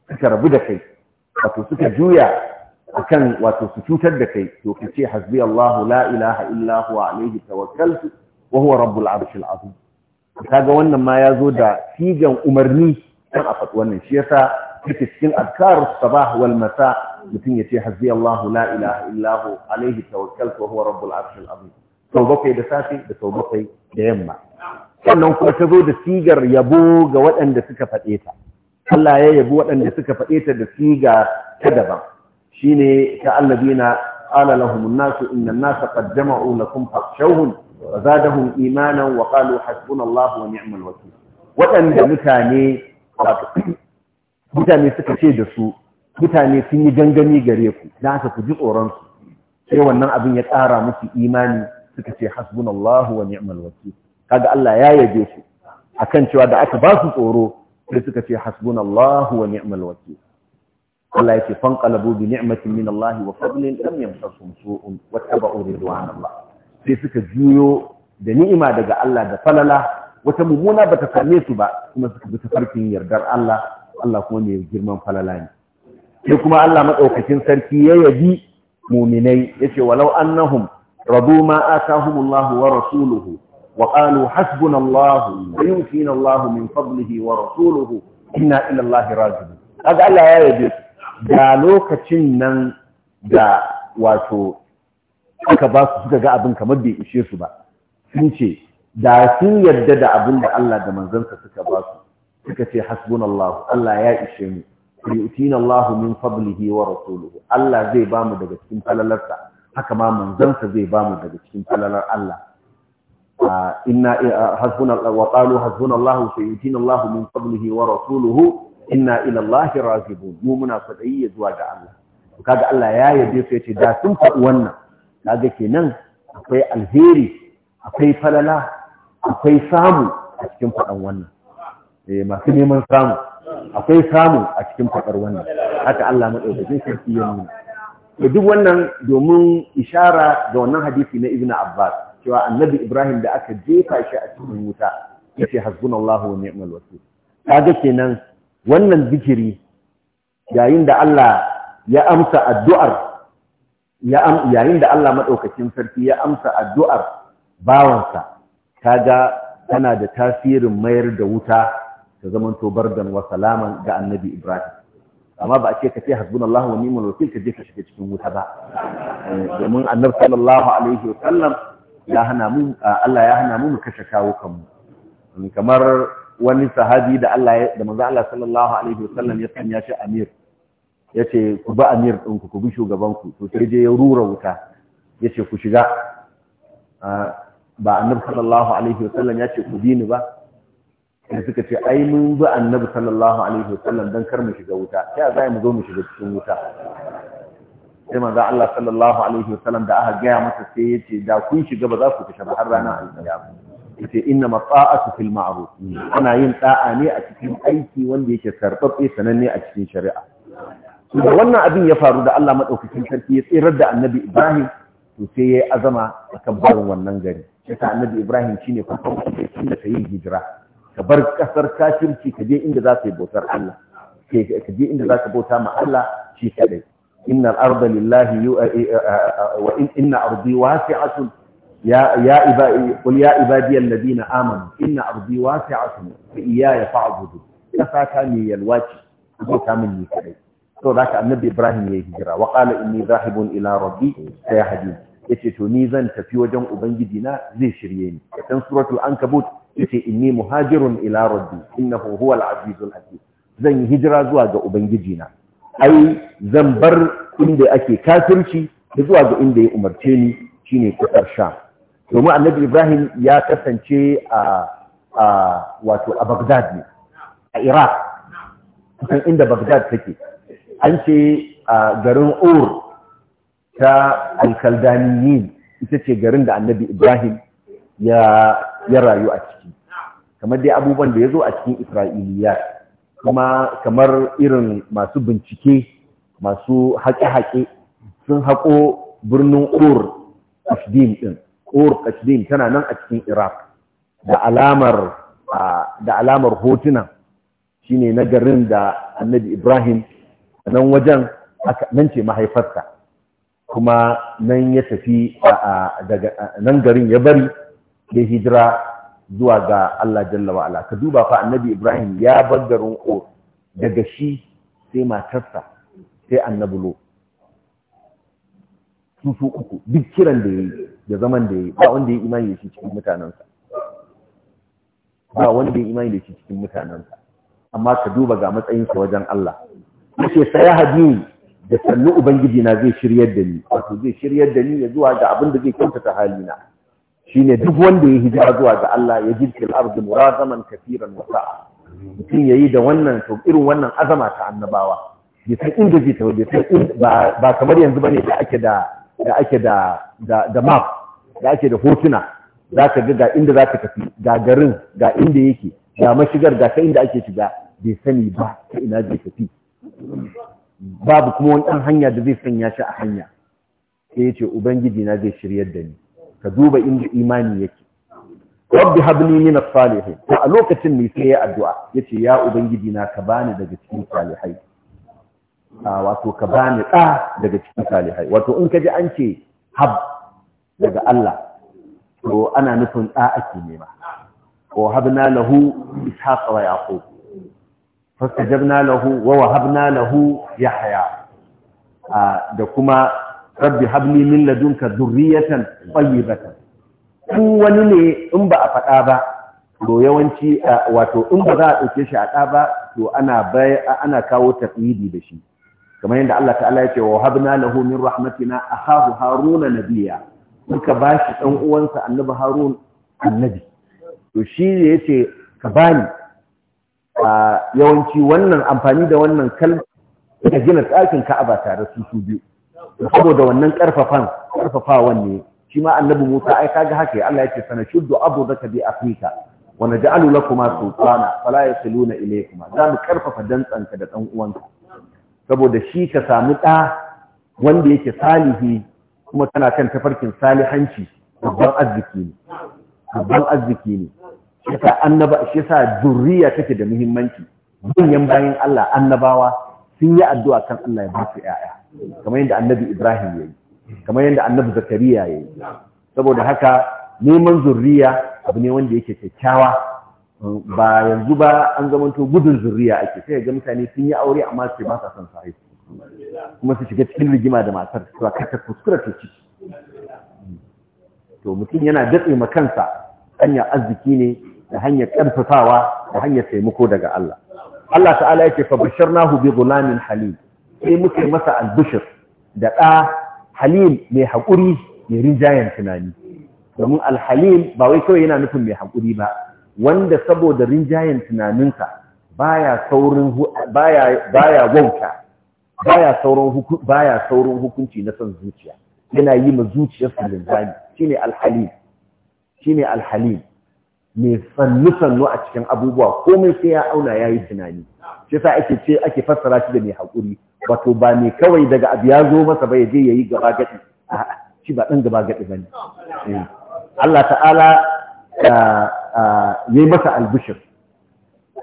suka rabu da kai wato suka juya akan wato su cutar da kai to kace hasbi Allahu la ilaha illahu alaihi tawakkaltu wa huwa rabbul arshil azim kaga wannan ma ya zo da sigan umarni kan a faɗi wannan shi yasa take cikin adkar sabah wal masa mutum ya ce hasbi Allahu la ilaha illahu alaihi tawakkaltu wa huwa rabbul arshil azim sau bakwai da safe da sau bakwai da yamma sannan kuma ta zo da sigar yabo ga waɗanda suka faɗe ta Allah ya yabu waɗanda suka faɗe ta da siga ta daban shine ta allabina qala lahum an-nasu inna nasa qad jama'u lakum fakhshawhum wa zadahum imanan wa qalu hasbunallahu wa ni'mal wakeel waɗanda mutane mutane suka ce da su mutane sun yi gangami gare ku dan haka ku ji tsoron su sai wannan abin ya ƙara musu imani suka ce hasbunallahu wa ni'mal wakil kaga Allah ya yabe su akan cewa da aka ba su tsoro sai suka ce hasbunallahu wa ni'mal wakil Allah yake fanqalabu bi ni'matin min Allah wa fadlin lam yamsasum su'un wa tabu ridwan Allah sai suka juyo da ni'ima daga Allah da falala wata mummuna bata same su ba kuma suka bi tafarkin yardar Allah Allah kuma ne girman falala ne sai kuma Allah madaukakin sarki ya yabi muminai yace walau annahum رضوا ما آتاهم الله ورسوله وقالوا حسبنا الله ويؤتينا الله من فضله ورسوله إنا إلى الله راجعون هذا الله يا يجب da lokacin nan da wato aka ba su suka ga abin kamar bai ishe su ba sun ce da sun yarda da abin da Allah da manzansa suka ba su suka ce hasbunallahu Allah ya ishe mu yu'tina Allahu min fadlihi wa rasuluhu Allah zai ba mu daga cikin falalarsa haka ma manzansa zai bamu daga cikin falalar Allah inna eh, hasbuna wa qalu hasbuna Allah sayutina Allah min qablihi wa rasuluhu inna ila Allah razibun mu muna fadayi zuwa ga Allah kaga Allah ya yabe su yace da sun faɗi wannan kaga kenan akwai alheri akwai falala akwai samu a cikin faɗan wannan eh masu neman samu akwai samu a cikin faɗar wannan haka Allah madaukakin sarki ya nuna da duk wannan domin ishara ga wannan hadisi na ibn abbas cewa annabi ibrahim da aka jefa shi a cikin wuta yace hasbunallahu wa ni'mal wakeel kaga kenan wannan zikiri yayin da Allah ya amsa addu'ar yayin da Allah madaukakin sarki ya amsa addu'ar bawansa kaga tana da tasirin mayar da wuta ta zamanto bardan wa salaman ga annabi ibrahim amma ba a ce ka ce hasbunallahu wa ni'mal wakil ka je ka shiga cikin wuta ba domin annab sallallahu alaihi wa sallam ya hana mu Allah ya hana mu mu kashe kawo kanmu kamar wani sahabi da Allah da manzo Allah sallallahu alaihi wa sallam ya sanya shi amir yace ku ba amir din ku ku bi shugaban ku to sai je ya rura wuta yace ku shiga ba annab sallallahu alaihi wa sallam yace ku bi ni ba da suka ce ai mun bi annabi sallallahu alaihi wasallam dan kar mu shiga wuta sai za mu zo mu shiga cikin wuta sai manzo Allah sallallahu alaihi wasallam da aka gaya masa sai yace da kun shiga ba za ku fita ba har ranar alƙiyama yace inna mata'atu fil ma'ruf ana yin da'a ne a cikin aiki wanda yake sarbabbe sananne a cikin shari'a da wannan abin ya faru da Allah madaukakin sarki ya tsirar da annabi Ibrahim to sai yayi azama akan barin wannan gari sai annabi Ibrahim shine farkon da yake yin hijira ka bar kasar kafirci ka je inda za ka yi bautar Allah ka je inda za ka bauta ma Allah shi kadai inna al-arda lillahi eh, eh, eh, wa inna ardi wasi'atun ya ya ibadi qul ya ibadi alladhina amanu inna ardi wasi'atun fa iyaya fa'budu kasa ta ne yalwaci bauta min ni kadai to ka annabi Ibrahim ya hijira wa qala inni zahibun ila rabbi sayahdin yace to ni zan tafi wajen ubangiji na zai shirye ni kan suratul ankabut yace inni muhajirun ila rabbi innahu huwal azizul hakim zan yi hijira zuwa ga ubangiji na ai zan bar inda ake kafirci zuwa ga inda ya umarce ni shine kasar sha domin annabi ibrahim ya kasance a a wato a bagdad ne a iraq kusan inda bagdad take an ce a garin ur ta alkaldaniyin ita ce garin da annabi ibrahim ya rayu a ciki kamar dai abubuwan da ya zo a cikin isra'iliya kuma kamar irin masu bincike masu haƙe-haƙe sun haƙo birnin ur kashdin ɗin ur kashdin tana nan a cikin iraq da alamar hotunan hotuna shine na garin da annabi ibrahim nan wajen nan ce mahaifarsa kuma nan ya tafi daga nan garin ya bari ya hijira zuwa ga Allah jalla wa ala ka duba fa annabi Ibrahim ya bar garin daga shi sai matarsa sai annabi Lut su su uku duk kiran da yayi da zaman da yayi ba wanda ya imani da shi cikin mutanansa ba wanda ya imani da shi cikin mutanansa amma ka duba ga matsayin sa wajen Allah yace sai hadini da sannu ubangiji na zai shiryar da ni wato zai shiryar da ni ya zuwa ga abin da zai kyautata halina shine duk wanda ya hijira zuwa ga Allah ya ji fil ardi murazaman kaseeran wa sa'a mutum yayi da wannan to irin wannan azama ta annabawa ya san inda zai tawo bai ba kamar yanzu bane da ake da da ake da da map da ake da hotuna zaka ga ga inda zaka tafi ga garin ga inda yake ga mashigar ga ta inda ake shiga bai sani ba ta ina zai tafi babu kuma wani hanya da zai sanya shi a hanya sai ya ce ubangiji na zai shiryar da ni ka duba inda imani yake rabbi habli min as-salihin to a lokacin ne sai ya addu'a yace ya ubangiji na ka bani daga cikin salihai a wato ka bani da daga cikin salihai wato in kaji an ce hab daga Allah to ana nufin da ake nema wa habna lahu ishaq wa yaqub fastajabna lahu wa wahabna lahu yahya da kuma rabbi habli min ladunka dhurriyatan tayyibatan in wani ne in ba a faɗa ba to yawanci wato in ba za a ɗauke shi a ɗa ba to ana bai ana kawo tafiyidi da shi kamar yadda Allah ta'ala ya ce wa habna lahu min rahmatina hahu haruna nabiya muka bashi dan uwansa annabi harun annabi to shi ne yace ka bani a yawanci wannan amfani da wannan kalma ka gina tsakin ka'aba tare su su biyu saboda wannan karfafan karfafawan ne shi ma annabi Musa ai kaga haka Allah yake sana shuddu abudaka bi afrika wa naj'alu lakuma sultana fala yasiluna ilaykuma za mu karfafa dantsanka da dan uwanka saboda shi ka samu da wanda yake salihi kuma kana kan tafarkin salihanci babban arziki ne babban arziki ne shi yasa annaba shi sa zuriya take da muhimmanci manyan bayan Allah annabawa sun yi addu'a kan Allah ya basu ‘ya'ya, kamar yadda annabi Ibrahim ya yi, kamar yadda annabi Zakariya ya yi. Saboda haka neman zurriya abu ne wanda yake kyakkyawa ba yanzu ba an zamanto gudun zurriya ake sai ga mutane sun yi aure amma su ba sa son sahi kuma su shiga cikin rigima da matar cewa kata kuskura ta ciki to mutum yana datse ma kansa hanyar arziki ne da hanyar karfafawa da hanyar taimako daga Allah Allah ta'ala yake fa nahu bi gulamin halim sai muke masa albishir da ɗa halim mai haƙuri mai rinjayen tunani domin alhalim ba wai kawai yana nufin mai hakuri ba wanda saboda rinjayen tunaninsa baya saurin baya baya wauta baya saurin baya saurin hukunci na son zuciya yana yi ma zuciyarsa linzami shine alhalim shine alhalim mai sannu-sannu a cikin abubuwa komai sai ya auna ya yi tunani shi sa ake ce ake fassara shi da mai haƙuri wato ba mai kawai daga abu ya zo masa ba ya je ya yi gaba gaɗi shi ba ɗan gaba gaɗi ba ne eh. Allah ta'ala ya yi masa albishir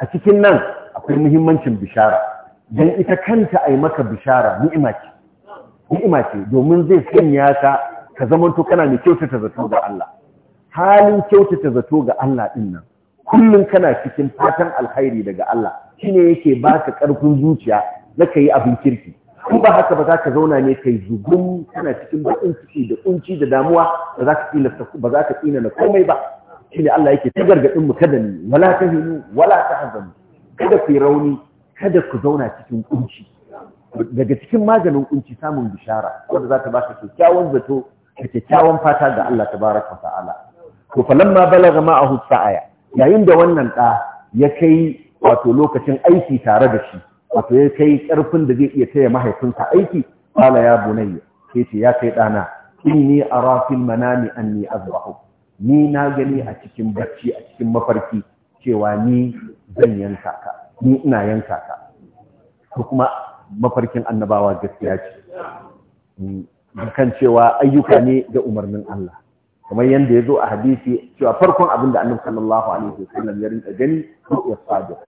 a cikin nan akwai muhimmancin bishara don ita kanta a yi maka bishara ni'ima ce ni'ima ce domin zai sanya ta ka zamanto kana mai kyautata zato ga Allah halin kyautata zato ga Allah ɗin nan kullum kana cikin fatan alkhairi daga Allah shine yake baka ƙarfin zuciya na yi abin kirki ko ba haka ba za ka zauna ne kai zugun kana cikin baƙin ciki da ƙunci da damuwa ba za ka ba za ka tsina na komai ba shine Allah yake ta gargaɗin mu kada ni wala tahinu wala tahzanu kada ku rauni kada ku zauna cikin ƙunci. daga cikin maganin ƙunci samun bishara wanda za ta ba ka kyakkyawan zato da kyakkyawan fata ga Allah tabaraka ta'ala to falamma balaga ma'ahu sa'aya yayin da wannan ɗa ya kai wato lokacin aiki tare da shi wato ya kai karfin da zai iya taya mahaifinsa aiki qala ya bunayya sai ya kai ɗana inni ara fil manami anni azbahu ni na gani a cikin bacci a cikin mafarki cewa ni zan yanka ka ni ina yanka ka ko kuma mafarkin annabawa gaskiya ce hmm, kan cewa ayyuka ne da umarnin Allah kamar yadda ya zo a hadisi cewa farkon abin da annabi sallallahu alaihi wasallam ya rinka gani ru'ya sadiq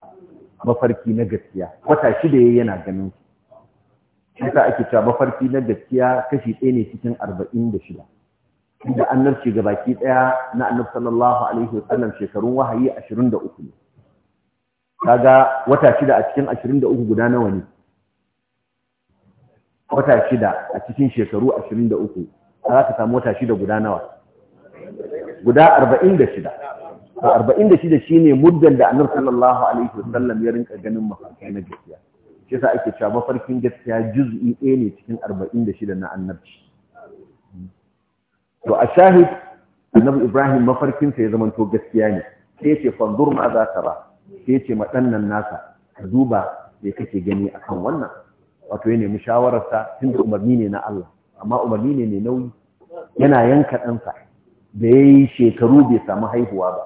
mafarki na gaskiya shi da yayi yana ganin shi yasa ake cewa mafarki na gaskiya kashi ɗaya ne cikin arba'in da shida inda annabci gabaki ɗaya na annabi sallallahu alaihi wasallam shekarun wahayi ashirin da uku ne kaga wata shida a cikin ashirin da uku guda nawa ne wata shida a cikin shekaru ashirin da uku za ka samu wata shida guda nawa guda 46 to 46 shine muddan da annabi sallallahu alaihi wasallam ya rinka ganin mafarkai na gaskiya shi yasa ake cewa mafarkin gaskiya juz'i ɗaya ne cikin 46 na annabci to a shahid annabi ibrahim mafarkinsa ya to gaskiya ne sai ya ce fanzur ma za ka ba sai ya ce nan nasa ka duba me kake gani akan wannan wato ya nemi shawararsa tun da umarni ne na Allah amma umarni ne mai nauyi yana yanka ɗansa da ya yi shekaru bai samu haihuwa ba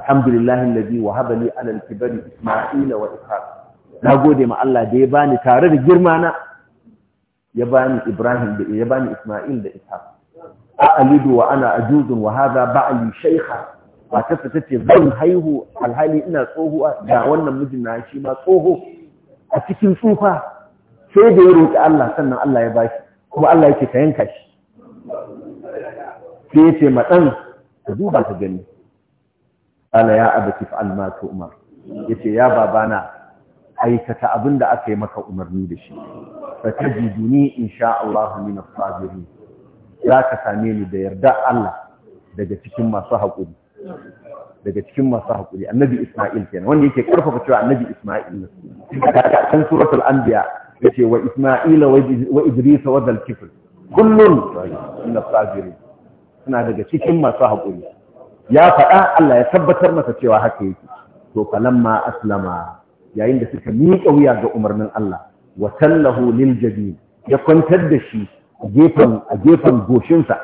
alhamdulillah alladhi wahaba li ala al-kibar isma'ila wa ishaq na gode ma Allah da ya bani tare da girma na ya bani ibrahim da ya bani isma'il da ishaq a'lidu wa ana ajuzun wa hadha ba'li shaykha Wa ta fita ce zan haihu alhali ina tsohuwa da wannan mijin na shi ma tsoho a cikin tsufa sai da ya roki Allah sannan Allah ya bashi kuma Allah yake ka yanka shi sai ya ce matsan ta duba ta gani ala ya abati fa'al ma umar yace ya babana aikata abin da aka yi maka umarni da shi fa tajiduni insha Allah min as-sabirin za ka same ni da yarda Allah daga cikin masu haƙuri daga cikin masu haƙuri annabi Isma'il kenan wanda yake ƙarfafa cewa annabi Isma'il daga kan suratul anbiya Ya ce wa Isma'ila wa Idris wa dhal kifl kullun min as suna daga cikin masu haƙuri ya faɗa Allah ya tabbatar masa cewa haka yake to falamma aslama yayin da suka miƙa wuya ga umarnin Allah wa sallahu lil jabin ya kwantar da shi gefen a gefen goshinsa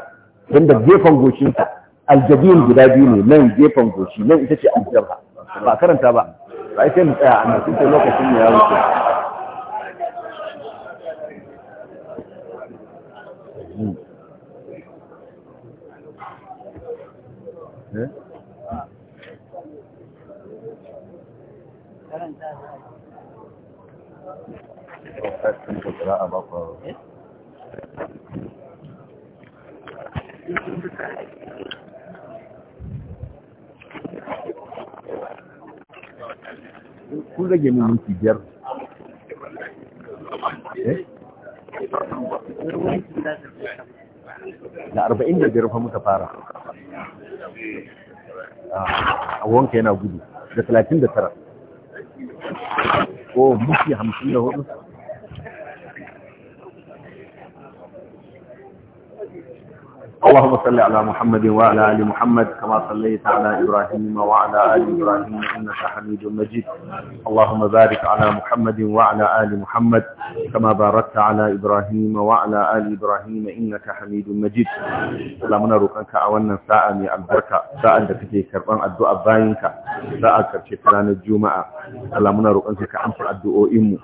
inda gefen goshinsa aljabin guda biyu ne nan gefen goshi nan ita ce aljabha ba karanta ba ba sai mu tsaya a nan lokacin ne ya wuce Eh? kun rage minti biyar eh? da arba'in da biyar fa muka fara Ah, wanka yana gudu da talatin ko mushi hamsin اللهم صل على محمد وعلى ال محمد كما صليت على ابراهيم وعلى ال ابراهيم انك حميد مجيد اللهم بارك على محمد وعلى ال محمد كما باركت على ابراهيم وعلى ال ابراهيم انك حميد مجيد اللهم نروقك a wannan sa'a mai albarka sa'an da kake karban addu'a bayinka sa'a karshe ta ranar juma'a Allah muna roƙonka ka amsa addu'o'in mu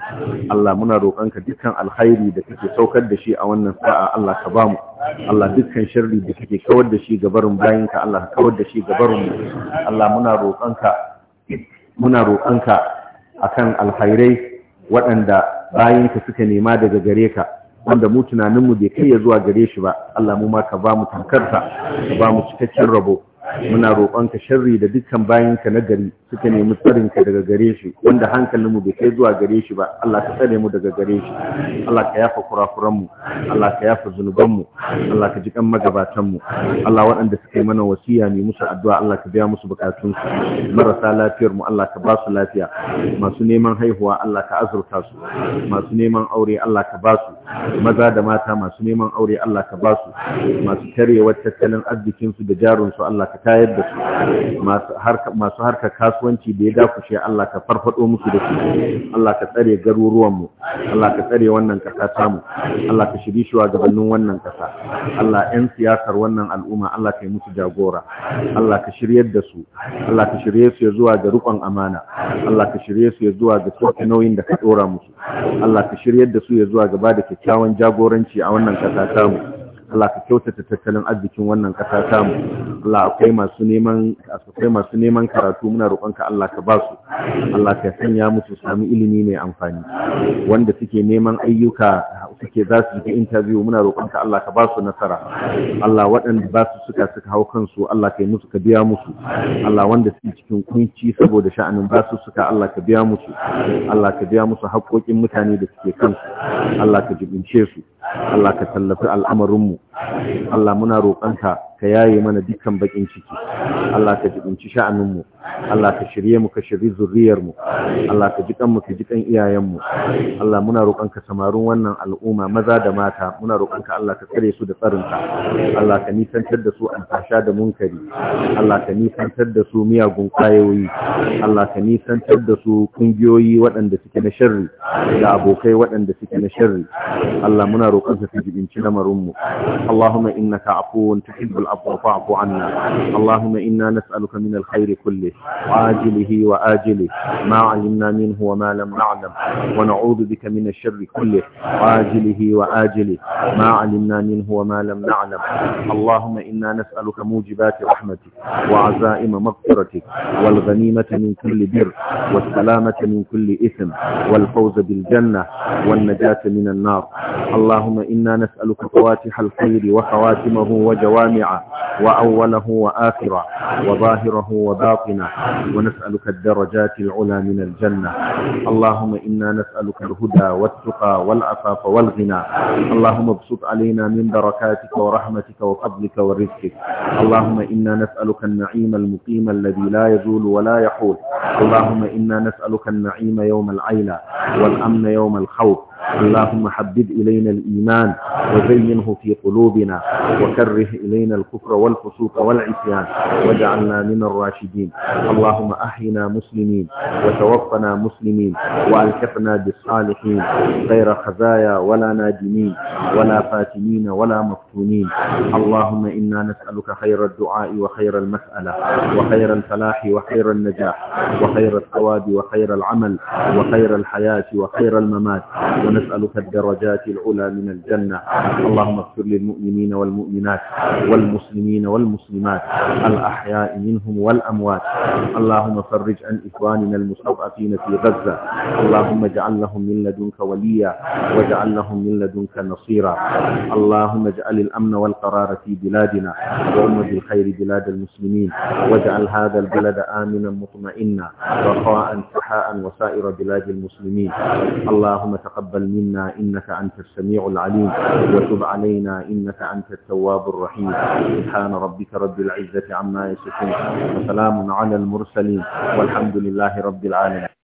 Allah muna roƙonka dukkan alkhairi da kake saukar da shi a wannan sa'a Allah ka bamu Allah dukkan sharri da kake kawar da shi gabarin bayanka Allah kawar da shi gabarin Allah muna roƙonka muna roƙonka akan alkhairai waɗanda bayanka suka nema daga gare ka wanda mu tunaninmu bai kai ya zuwa gare shi ba Allah mu ma ka ba mu tankarsa ka ba mu cikakken rabo muna ka sharri da dukkan bayanka na gari suka nemi ka daga gare shi wanda hankalinmu bai kai zuwa gare shi ba Allah ka tsare mu daga gare shi Allah ka yafa kurakuranmu Allah ka yafa zunubanmu Allah ka ji kan magabatanmu Allah waɗanda suka yi mana wasiya ne musu addu'a Allah ka biya musu buƙatunsu. marasa lafiyar mu Allah ka ba su lafiya masu neman haihuwa Allah ka azurta su masu neman aure Allah ka ba su maza da mata masu neman aure Allah ka ba su masu karyewar tattalin arzikinsu da jarunsu Allah ka tayar da su masu harkar kasuwanci da ya dakushe Allah ka farfado musu da su Allah ka tsare garuruwanmu Allah ka tsare wannan ƙasa tamu Allah ka shiri shi gabanin wannan ƙasa Allah 'yan siyasar wannan al'umma Allah ka yi musu jagora Allah ka shiryar da su Allah ka shirye su ya zuwa ga rukon amana Allah ka shirye su ya zuwa ga sauke nauyin da ka dora musu Allah ka shiryar da su ya zuwa gaba da kyakkyawan jagoranci a wannan ƙasa tamu Allah ka kyautata tattalin arzikin wannan ƙasa ta mu Allah akwai masu neman akwai masu neman karatu muna roƙon ka Allah ka ba su Allah ka sanya musu sami ilimi mai amfani wanda suke neman ayyuka suke za su yi interview muna roƙon ka Allah ka ba su nasara Allah waɗanda ba su suka suka hau kansu Allah ka yi musu ka biya musu Allah wanda suke cikin kunci saboda sha'anin ba su suka Allah ka biya musu Allah ka biya musu haƙoƙin mutane da suke kansu Allah ka jibince su Allah ka tallafi al'amarinmu Allah muna roƙonka ka yaye mana dukkan bakin ciki Allah ka jibinci mu. Allah ka shirye mu ka shiri mu. Allah ka ji kanmu ka ji kan iyayenmu Allah muna ka samarin wannan al'umma maza da mata muna ka Allah ka tsare su da ka. Allah ka nisantar da su alfasha da munkari Allah ka nisantar da su miyagun kwayoyi Allah ka nisantar da su kungiyoyi waɗanda suke na sharri da abokai waɗanda suke na sharri Allah muna roƙon ka jibinci lamarinmu Allahumma innaka afuwun tuhibbul العفو فاعف عنا اللهم إنا نسألك من الخير كله عاجله وآجله ما علمنا منه وما لم نعلم ونعوذ بك من الشر كله عاجله وآجله ما علمنا منه وما لم نعلم اللهم إنا نسألك موجبات رحمتك وعزائم مغفرتك والغنيمة من كل بر والسلامة من كل إثم والفوز بالجنة والنجاة من النار اللهم إنا نسألك فواتح الخير وخواتمه وجوامعه وأوله وآخره وظاهره وباطنه ونسألك الدرجات العلى من الجنة اللهم إنا نسألك الهدى والتقى والعفاف والغنى اللهم ابسط علينا من بركاتك ورحمتك وفضلك ورزقك اللهم إنا نسألك النعيم المقيم الذي لا يزول ولا يحول اللهم إنا نسألك النعيم يوم العيلة والأمن يوم الخوف اللهم حبب إلينا الإيمان وزينه في قلوبنا وكره إلينا الكفر والفسوق والعصيان واجعلنا من الراشدين اللهم أحينا مسلمين وتوفنا مسلمين وألكفنا بالصالحين غير خزايا ولا نادمين ولا فاتنين ولا مفتونين اللهم إنا نسألك خير الدعاء وخير المسألة وخير الفلاح وخير النجاح وخير الثواب وخير العمل وخير الحياة وخير الممات ونسألك الدرجات العلى من الجنة اللهم اغفر للمؤمنين والمؤمنات والمسلمين والمسلمات الأحياء منهم والأموات اللهم فرج عن إخواننا المستضعفين في غزة اللهم اجعل لهم من لدنك وليا واجعل لهم من لدنك نصيرا اللهم اجعل الأمن والقرار في بلادنا وأمة الخير بلاد المسلمين واجعل هذا البلد آمنا مطمئنا رخاء سحاء وسائر بلاد المسلمين اللهم تقبل تقبل منا إنك أنت السميع العليم وتب علينا إنك أنت التواب الرحيم سبحان ربك رب العزة عما يصفون وسلام على المرسلين والحمد لله رب العالمين